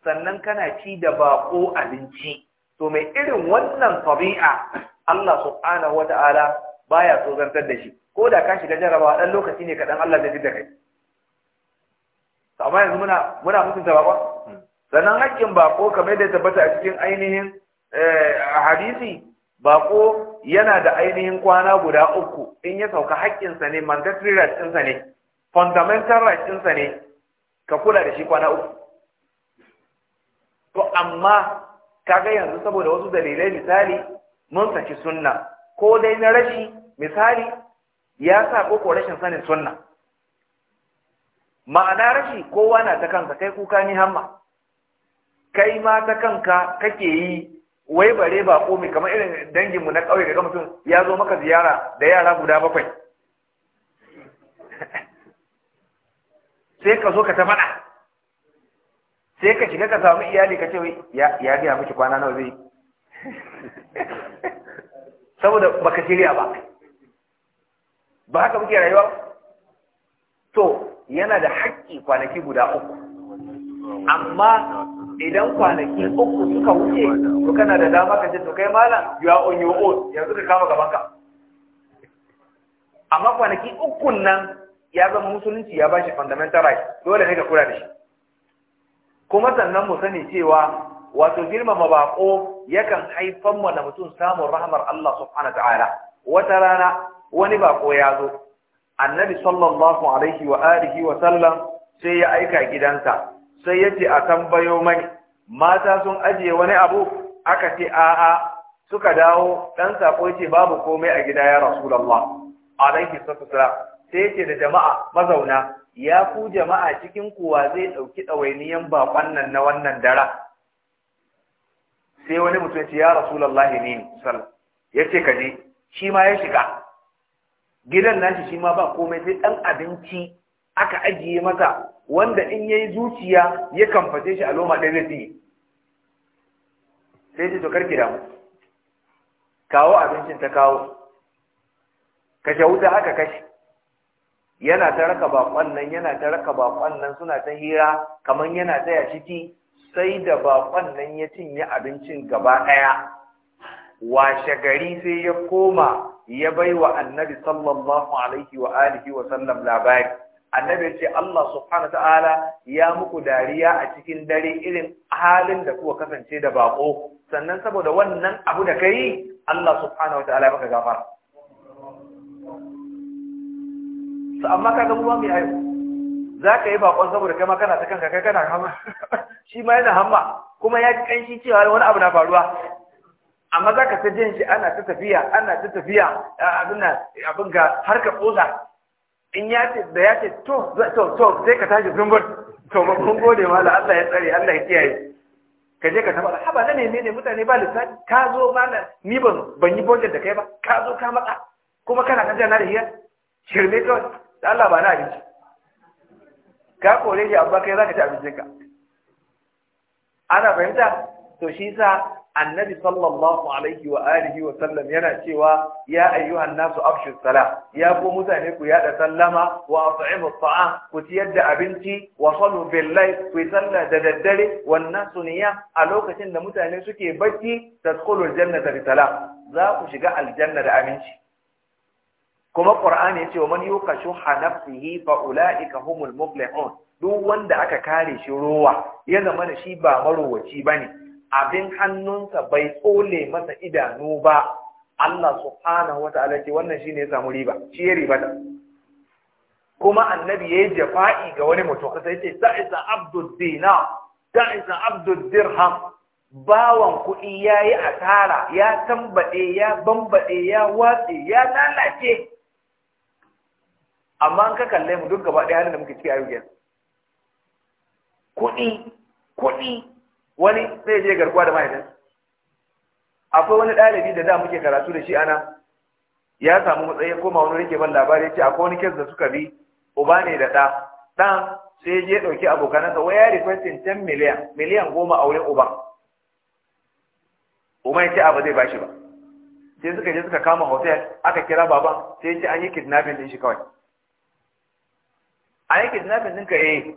sannan kana ci da bako abinci to mai irin wannan tabi'a Allah subhanahu ta'ala baya so zantar da shi ko da ka shiga jarabawa dan lokaci ne kadan Allah zai da kai amma yanzu muna muna mutunta bako hmm. sannan hakkin bako kamar da tabbata a cikin ainihin eh, hadisi bako yana da ainihin kwana guda uku in ya sauka haƙƙinsa ne mandatory rights ɗinsa ne fundamental rights ɗinsa ne ka kula da shi kwana uku to amma kaga yanzu saboda wasu dalilai misali mun saki sunna ko dai na rashi misali ya sa ko rashin sanin sunna ma'ana rashi kowa na ta kansa kai kuka ni hamma kai ma ta kanka kake yi wai bare ba komai kamar irin dangin mu na kauye daga mutum ya zo maka ziyara da yara guda bakwai sai ka zo ka ta faɗa sai ka shiga ka samu iyali ka ce wai ya biya miki kwana nawa zai saboda baka shirya ba ba haka muke rayuwa to yana da haƙƙi kwanaki guda uku amma idan kwanaki uku suka wuce to kana da dama ka ce to kai malam you are on your own yanzu ka kama gabanka. amma kwanaki uku nan ya zama musulunci ya bashi fundamental right dole ne ka kula da shi kuma sannan mu sani cewa wato girmama bako yakan haifan mu da mutum samun rahmar Allah subhanahu ta'ala wata rana wani bako ya zo annabi sallallahu alaihi wa alihi wa sallam sai ya aika gidansa sai yace a tambayo mani mata sun ajiye wani abu aka ce a'a suka dawo dan sako yace babu komai a gida ya rasulullah alaihi salatu sai yace da jama'a mazauna ya ku jama'a cikin kuwa zai dauki dawainiyan bakon nan na wannan dara sai wani mutum ce ya rasulullah ne sallallahu yace kaje shi ma ya shiga gidan nan shi ma ba komai sai dan abinci aka ajiye masa wanda in yayi zuciya ya kamface shi a loma ɗaya zai cinye sai ce to karki damu kawo abincin ta kawo kashe wuta haka kashe yana ta raka bakon nan yana ta raka bakon nan suna ta hira kamar yana taya ciki sai da bakon nan ya cinye abincin gaba ɗaya washe gari sai ya koma ya bai wa annabi sallallahu alaihi wa alihi wa sallam labari annabi ce Allah subhanahu ta'ala ya muku dariya a cikin dare irin halin da kuka kasance da bako sannan saboda wannan abu da kai Allah subhanahu ta'ala ya maka gafara su amma kaga ga ba mai yi za ka yi bakon saboda kai ma kana ta kanka kai kana hamma shi ma yana hamma kuma ya ji kanshi cewa wani abu na faruwa amma za ka ta jin shi ana ta tafiya ana ta tafiya abin ga har ka in ya ce da ya ce to to to sai ka tashi zumbur to ba kun gode ma da Allah ya tsare Allah ya kiyaye ka je ka tabbata haba na ne ne mutane ba lissafi ka zo ma na ni ban ban yi budget da kai ba ka zo ka maka kuma kana kan jana da hiyar shirme to Allah ba na abinci ka kore shi abba kai zaka ci abincin ka ana fahimta to shi sa annabi sallallahu alaihi wa alihi wa sallam yana cewa ya ayyuhan nasu afshu salam ya ko mutane ku yada sallama wa at'imu ta'am ku ciyar da abinci wa sallu bil layl ku salla da daddare wan nasu niya a lokacin da mutane suke bacci tadkhulu al jannata bi za ku shiga aljanna da aminci kuma qur'ani yace wa man yuqa shuha fa ulaika humul muflihun duk wanda aka kare shi rowa ya zama da shi ba marowaci bane abin hannunsa bai tsole masa idanu ba Allah subhanahu wata'ala ce wannan ne ya samu riba shi ya riba kuma annabi yayi jafa'i ga wani mutum sai ce sa'isa abdud dinar sa'isa bawan kuɗi ya yayi asara ya tambaɗe, ya bambaɗe ya watse ya lalace amma an ka kalle mu duk gaba ɗaya halin da muke ciki a kuɗi kuɗi wani sai je garkuwa da mahaifin akwai wani ɗalibi da da muke karatu da shi ana ya samu matsayi koma wani rike ban labari ya ce akwai wani kes da suka bi uba ne da ɗa ɗan sai je ɗauki abokanansa wai ya requestin 10 miliyan miliyan goma a wurin uba. uba ya ce abu zai bashi ba sai suka je suka kama hotel aka kira baban sai ya ce an yi kidnapping din shi kawai an yi kidnapping ɗinka eh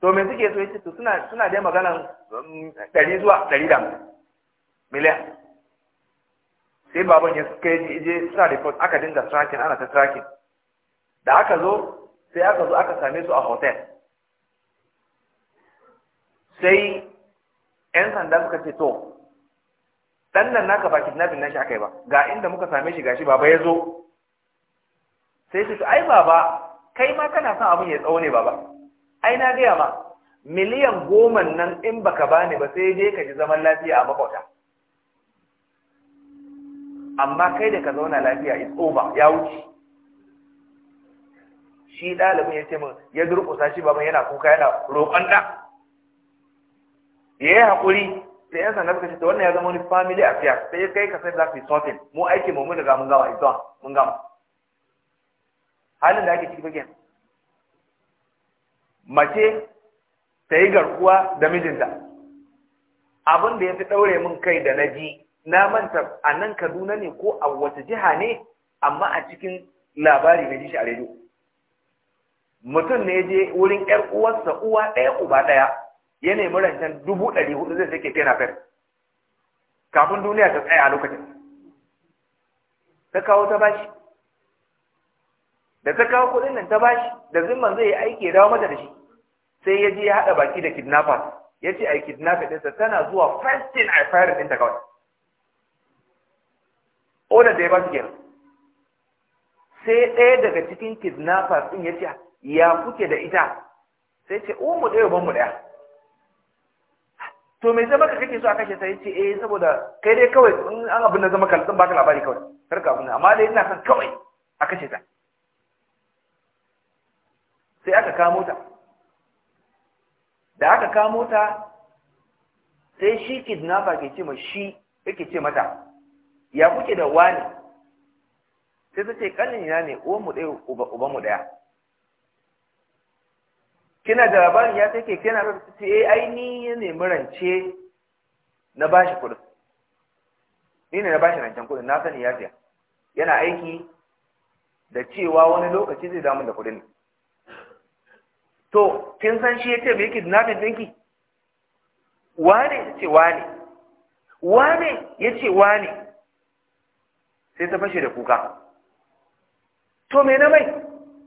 to me suke so yace to suna suna dai magana um, ɗari zuwa ɗari da miliyan sai baban ya yi je suna report aka dinga tracking ana ta tracking da aka zo sai aka zo aka same su a hotel sai 'yan sanda suka ce to dan nan naka ba kidnapping nashi yi ba ga inda muka same shi gashi baba ya zo sai su ai baba kai ma kana son abin ya tsawo ne baba ai na gaya ma miliyan goma nan in baka bani ba sai je ka ji zaman lafiya a makwata amma kai da ka zauna lafiya is over ya wuce shi ɗalibin ya ce min ya durƙusa shi baban yana kuka yana roƙon ɗan ya yi haƙuri sai yan sanda shi ta wannan ya zama wani family affair sai kai ka sai za ku yi sorting mu aiki mu mun riga mun gama ita mun gama halin da ake ciki ba mace ta yi garkuwa da mijinta abin da ya fi ɗaure min kai da na ji na manta a nan kaduna ne ko a wata jiha ne amma a cikin labari na ji shi a rediyo mutum ne je wurin ‘yar uwarsa uwa ɗaya uba ɗaya ya nemi rancen dubu ɗari hudu zai sake tena fer kafin duniya ta tsaya a lokacin ta kawo ta bashi da ta kawo kuɗin nan ta bashi da zimman zai yi aiki ya dawo mata da shi sai ya je ya haɗa baki da kidnappers ya ce a yi kidnapping ɗinsa tana zuwa first thing a fire ɗinta kawai Oda da ya ba su gina sai ɗaya daga cikin kidnappers ɗin ya ce ya kuke da ita sai ce mu ɗaya ban mu ɗaya to me zama ka kake so a kashe ta ya ce eh saboda kai dai kawai in an abin da zama ba baka labari kawai kar ka abin amma dai ina kan kawai a kashe ta sai aka kamo ta da aka kamo ta sai shi kidnapper ke ce ma shi yake ce mata ya kuke da wani sai ta ce kanin ina ne uwan mu ɗaya uban mu ɗaya kina da labarin ya take kina da ta ce eh, ai ni ya nemi rance na bashi kuɗin ni ne na bashi rancen kuɗin na sani ya yana aiki da cewa wani lokaci zai damu da kuɗin to kin san shi yace me yake dinafin dinki wane yace wane wane yace wane sai ta fashe da kuka to me na mai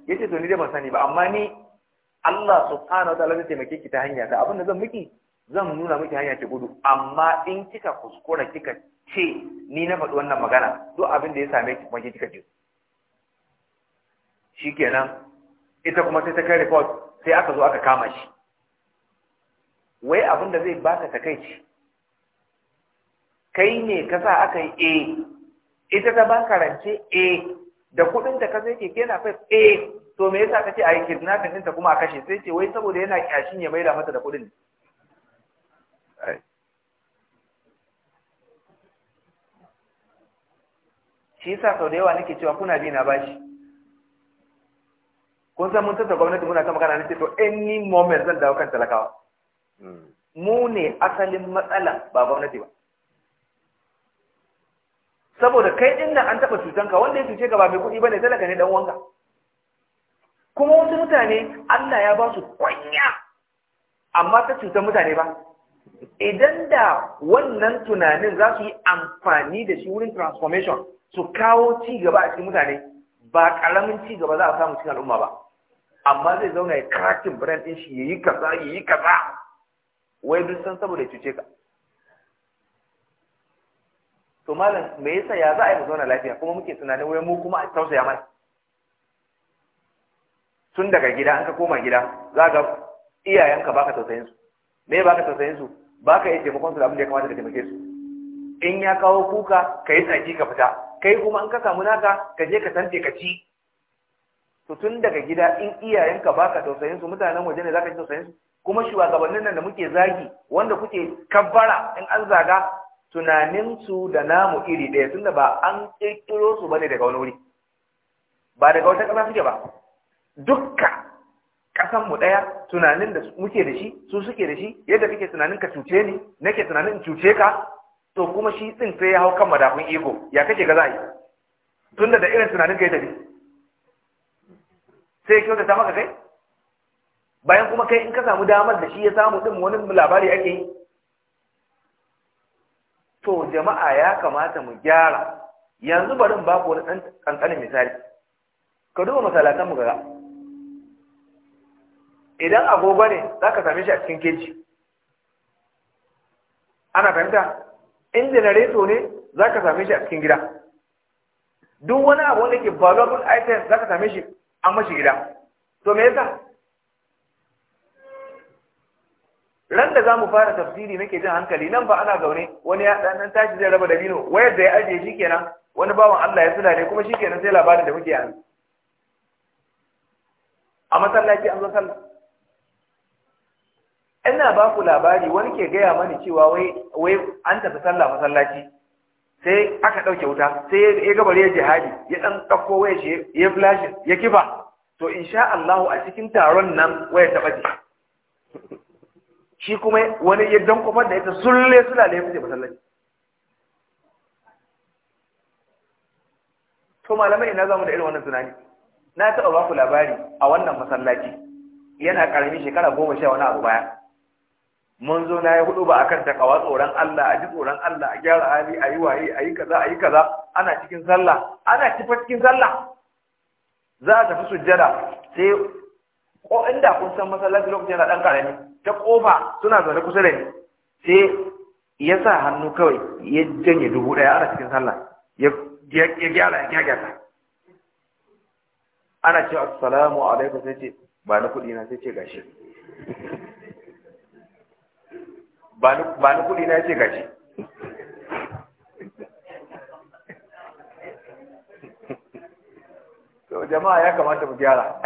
yace to ni dai ban sani ba amma ni Allah subhanahu wataala zai taimake ki ta hanya ta abin zan miki zan nuna miki hanya ki gudu amma in kika kuskura kika ce ni na faɗi wannan magana duk abin da ya same ki kuma kika ji shikenan ita kuma sai ta kai report sai aka zo aka kama shi wai abin da zai baka takaici kai ne ka sa aka yi eh ita ta baka rance eh da kuɗin da ka zai keke kena fai eh to me yasa ce a yi kidnapping ɗinta kuma a kashe sai ce wai saboda yana kyashin ya maida mata da kuɗin shi yasa sau da yawa nake cewa kuna bi na bashi kun san mun tasa gwamnati muna ta magana ne to any moment zan dawo kan talakawa hmm. mu ne asalin matsala ba gwamnati ba saboda kai din nan an taba ka, wanda ya cuce ka ba mai kuɗi bane talaka ne dan wanka kuma wasu mutane Allah ya ba su kwanya amma ta cutar mutane ba idan da wannan tunanin za su yi amfani da shi wurin transformation su kawo ci gaba a cikin mutane ba ƙaramin ci gaba za a samu cikin al'umma ba amma zai zauna ya katin brand din shi yayi kaza yayi kaza wai duk san saboda ya cuce ka to malam me yasa ya za a yi mu zauna lafiya kuma muke tunanin wai mu kuma a tausaya mana tun daga gida an ka koma gida za ga iyayenka baka tausayin su me baka tausayin su baka iya taimakon su da abin da ya kamata ka taimake su in ya kawo kuka ka yi tsaki ka fita kai kuma an ka samu naka ka je ka tante ka ci to tun daga gida in iyayenka baka tausayin su mutanen waje ne zaka ji tausayin su kuma shugabannin nan da muke zagi wanda kuke kabbara in an zaga tunanin su da namu iri ɗaya tunda ba an kirkiro su bane daga wani wuri ba daga wata ƙasa suke ba dukka ƙasan mu ɗaya tunanin da muke da shi su suke da shi yadda kake tunanin ka cuce ni nake tunanin in cuce ka to kuma shi tsin sai ya hau kan madafun iko ya kake ga za'a yi tunda da irin tunanin ka ya tafi sai ya kyautata maka kai bayan kuma kai in ka samu damar da shi ya samu din wani labari ake yi to jama'a ya kamata mu gyara yanzu bari in baku wani dan misali ka duba masalatan mu gaga idan agogo ne za ka same shi a cikin keji ana fahimta in janareto ne za ka same shi a cikin gida duk wani abu wanda ke valuable item ka same shi an mashi gida to me yasa ran da zamu fara tafsiri nake jin hankali nan ba ana zaune wani ya dan tashi zai raba dabino wayar da ya ajiye shi kenan wani bawan Allah ya sula ne kuma shi kenan sai labarin da muke yanzu a masallaci an zo sallah ina ba ku labari wani ke gaya mani cewa wai an tafi sallah masallaci sai aka ɗauke wuta sai ya gaba ya jihadi ya ɗan ɗauko waya shi ya flash ya kifa to sha Allah a cikin taron nan waya ta ɓace shi kuma wani ya don kuma da ita sulle suna da ya fice masallaci to malamai ina zamu da irin wannan tunani na taɓa ba ku labari a wannan masallaci yana ƙaramin shekara goma sha wani abu baya mun zo na yi hudu ba a kan takawa tsoron Allah a ji tsoron Allah a gyara hali a yi waye a yi kaza a yi kaza ana cikin sallah ana cikin cikin sallah za a tafi sujjada sai ko inda kun san masallaci lokacin yana dan karami ta kofa suna zaune kusa da ni sai ya sa hannu kawai ya janye dubu daya ana cikin sallah ya gyara ya gyara ana cewa assalamu alaikum sai ce ba na kuɗi na sai ce gashi ba ni kuɗi na ce gashi to jama'a ya kamata mu gyara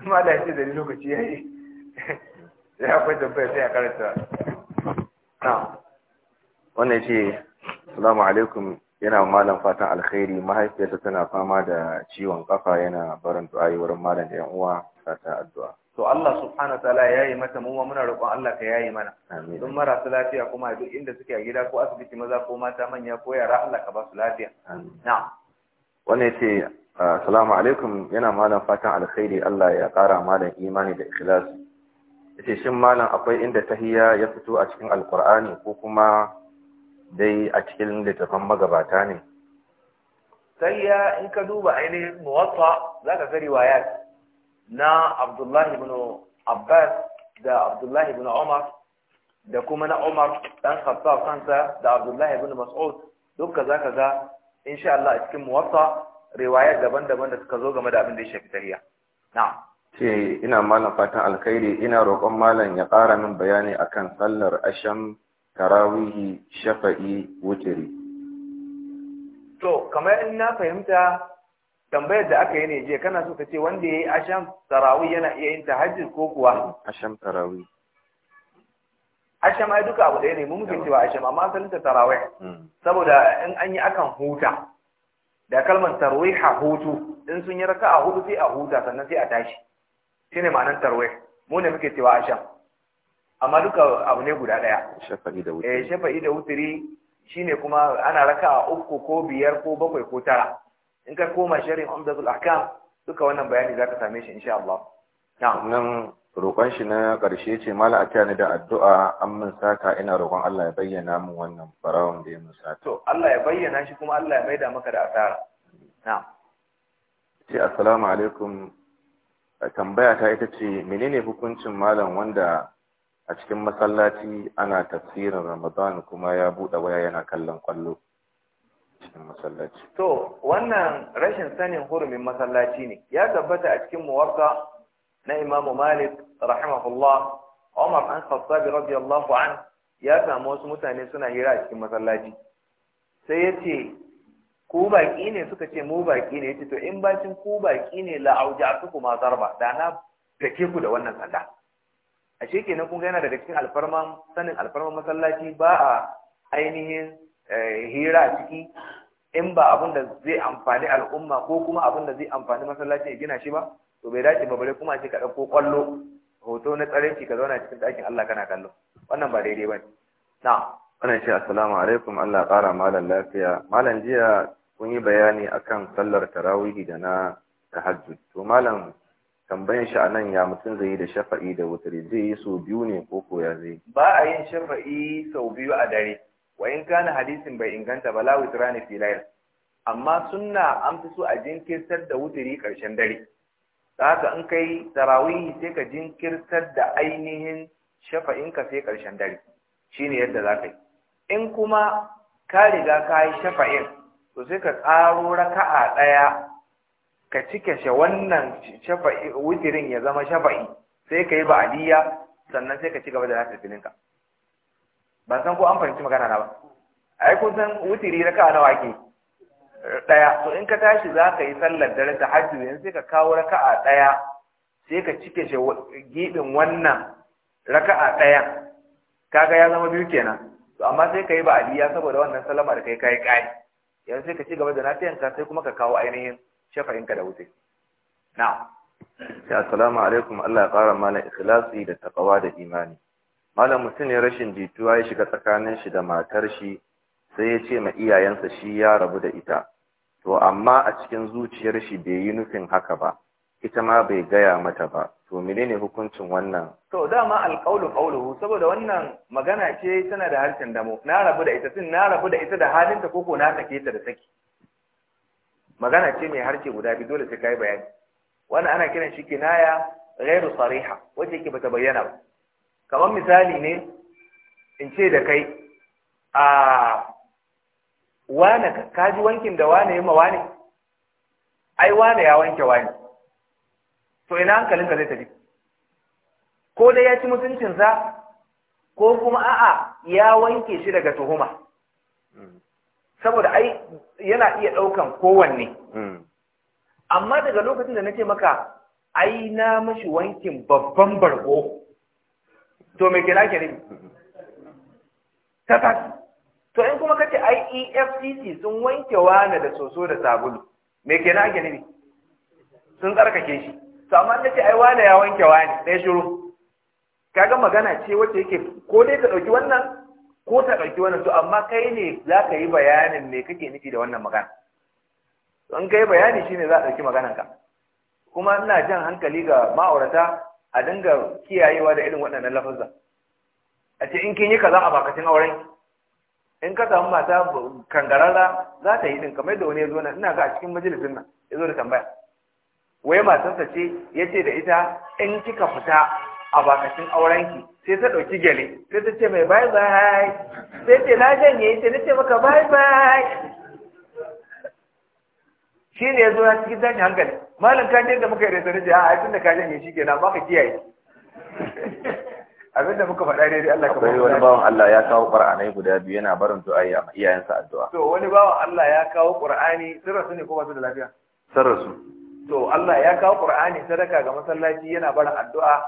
amma da yace da ni lokaci yayi ya da tambaya sai a karanta na wannan shi assalamu alaikum yana malam fatan alkhairi mahaifiyarsa tana fama da ciwon kafa yana barin du'ayi wurin malam da yan uwa sata addu'a to Allah subhanahu wataala ya yi mata mu muna roƙon Allah ka yayi mana don marasu lafiya kuma duk inda suke a gida ko asibiti maza ko mata manya ko yara Allah ka ba su lafiya na'am wannan yace ah, assalamu alaikum yana malam fatan alkhairi Allah ya ƙara malam imani da ikhlas yace shin malam akwai inda tahiyya ya fito a cikin alqur'ani ko kuma dai a cikin littafan magabata ne sai ya in ka duba ainihin muwatta ka ga riwayat na Abdullahi ibn Abbas da Abdullahi ibn Umar da kuma na Umar dan Khattab kansa da Abdullahi ibn Mas'ud duka ka ga insha Allah a cikin muwatta riwayar daban-daban da suka zo game da abin da ya shafi tariya na'am ce ina malam fatan alkhairi ina roƙon malam ya ƙara min bayani akan sallar asham tarawihi shafa'i wutiri to kamar in na fahimta tambayar da aka yi ne je kana so ka ce wanda ya yi asham tarawih yana iya yin tahajjud ko kuwa asham tarawih asham ai duka abu ɗaya ne mun muke cewa asham amma asalin ta tarawih hmm. saboda in an yi akan huta da kalmar tarwiha hutu in sun yi raka'a hudu sai a huta sannan sai a tashi shine ma'anar tarwih mu ne muke cewa asham amma duka abu ne guda ɗaya shafa'i da Eh, shafa'i da wutiri shine kuma ana raka uku ko biyar ko bakwai ko tara in ka koma sharhin umdatul ahkam duka wannan bayani zaka same shi insha Allah nan roƙon shi na ƙarshe ce mala a tayani da addu'a an min saka ina roƙon Allah ya bayyana mu wannan farawon da ya min saka to Allah ya bayyana shi kuma Allah ya maida maka da asara na'am ce assalamu alaikum tambaya ta ita ce menene hukuncin malam wanda a cikin masallaci ana tafsirin ramadan kuma ya buɗe waya yana kallon kwallo cikin masallaci to wannan rashin sanin hurumin masallaci ne ya tabbata a cikin muwatta na imamu malik rahimahullah umar an khattabi radiyallahu an ya samu wasu mutane suna hira a cikin masallaci sai ya ce ku baki ne suka ce mu baki ne ya ce to in bacin ku baki ne la'auja su kuma zarba da na fake ku da wannan sanda ashe kenan kun ga yana daga cikin alfarman sanin alfarman masallaci ba a ainihin eh, hira a ciki in ba abin da zai amfani al'umma ko kuma abin da zai amfani masallaci ya gina shi ba to bai dace ba bare kuma ce ka ɗauko ƙwallo hoto na tsaranci ka zauna cikin ɗakin Allah kana kallo wannan ba daidai ba ne na wannan shi assalamu alaikum Allah ƙara malam lafiya malam jiya kun yi bayani akan sallar tarawih da na tahajjud to malam tambayan shi anan ya mutum zai yi da shafa'i da wutari zai yi sau biyu ne ko ya zai ba a yin shafa'i sau biyu a dare wa in kana hadisin bai inganta ba la witrani fi layl amma sunna an fi so a jinkirtar da wutari karshen dare da haka in kai tarawih sai ka jinkirtar da ainihin shafa'in ka sai karshen dare shine yadda za ka yi in kuma ka riga ka yi shafa'in to sai ka tsaro raka'a ɗaya ka cike shi wannan shafa'i witirin ya zama shafa'i sai ka yi ba'adiyya sannan sai ka ci gaba da filin filinka ban san ko an fahimci magana na ba ai kun san wutiri ka'a nawa ake daya to in ka tashi za ka yi sallar dare ta hajji yanzu sai ka kawo raka'a daya sai ka cike shi gibin wannan raka'a daya kaga ya zama biyu kenan to amma sai ka yi ba'adiyya saboda wannan salama da kai kai kai yanzu sai ka ci gaba da ka sai kuma ka kawo ainihin shafa'inka da wuce Na. Ya salamu alaikum Allah ya ƙara mana ikhlasi da takawa da imani malam mutum ne rashin jituwa ya shiga tsakanin shi da matar shi sai ya ce ma iyayensa shi ya rabu da ita to amma a cikin zuciyar shi bai yi nufin haka ba ita ma bai gaya mata ba to menene hukuncin wannan to dama alqaulu qawluhu saboda wannan magana ce tana da harshen damo na rabu da ita sun na rabu da ita da halinta koko na take ta da saki magana ce mai harshe guda biyu dole sai kai bayani wannan ana kiran shi kinaya ghairu sariha wacce yake bata bayyana ba kamar misali ne in ce da kai a wane ka ji wankin da wane yamma wane ai wane ya wanke wane to ina ka zai tafi ko dai ya ci mutuncinsa ko kuma a'a ya wanke shi daga tuhuma hmm. saboda ai yana iya ɗaukan kowanne hmm. amma daga lokacin da na ce maka ai na mashi wankin babban bargo to me kira ke ne tatas to in kuma kace ai EFCC sun wanke wane da soso da sabulu me kira ke nufi sun tsarkake shi to amma ce ai wane ya wanke wane, ɗaya shiru kaga magana ce wacce yake ko dai ka ɗauki wannan ko ta ɗauki wannan to amma kai ne za ka yi bayanin me kake nufi da wannan magana in kai bayani shi ne za a ɗauki maganarka kuma ina jan hankali ga ma'aurata a dinga kiyayewa da irin waɗannan lafazan. a ce in kin yi kaza a bakacin auren in ka samu mata kangararra za ta yi din kamar da wani ya zo nan ina ga a cikin majalisin nan ya zo da tambaya wai matarsa ce ya ce da ita in kika fita a bakacin aurenki sai ta ɗauki gyale sai ta ce mai bye bye sai ce na janye sai ta ce maka bye bye shi ne ya zo ya cikin tashi hankali malam ka je da muka yi da ce a aikin da ka janye shi kenan ba ka kiyaye abin da muka faɗa daidai Allah ka bari wani bawan Allah ya kawo Qur'anai guda biyu yana barin du'a ya iyayensa addu'a to wani bawan Allah ya kawo Qur'ani su ne ko basu da lafiya su to Allah ya kawo Qur'ani sadaka ga masallaci yana barin addu'a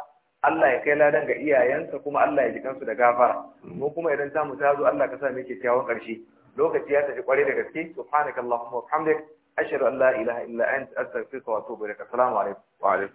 Allah ya kai ladan ga iyayensa kuma Allah ya ji kansu da gafara hmm. mu kuma idan za mu tazo Allah ka sa mu kyakkyawan ƙarshe lokaci ya tafi kware da gaske subhanakallahumma wa bihamdik ashhadu an la ilaha illa anta astaghfiruka wa atubu ilaik assalamu alaikum wa alaikum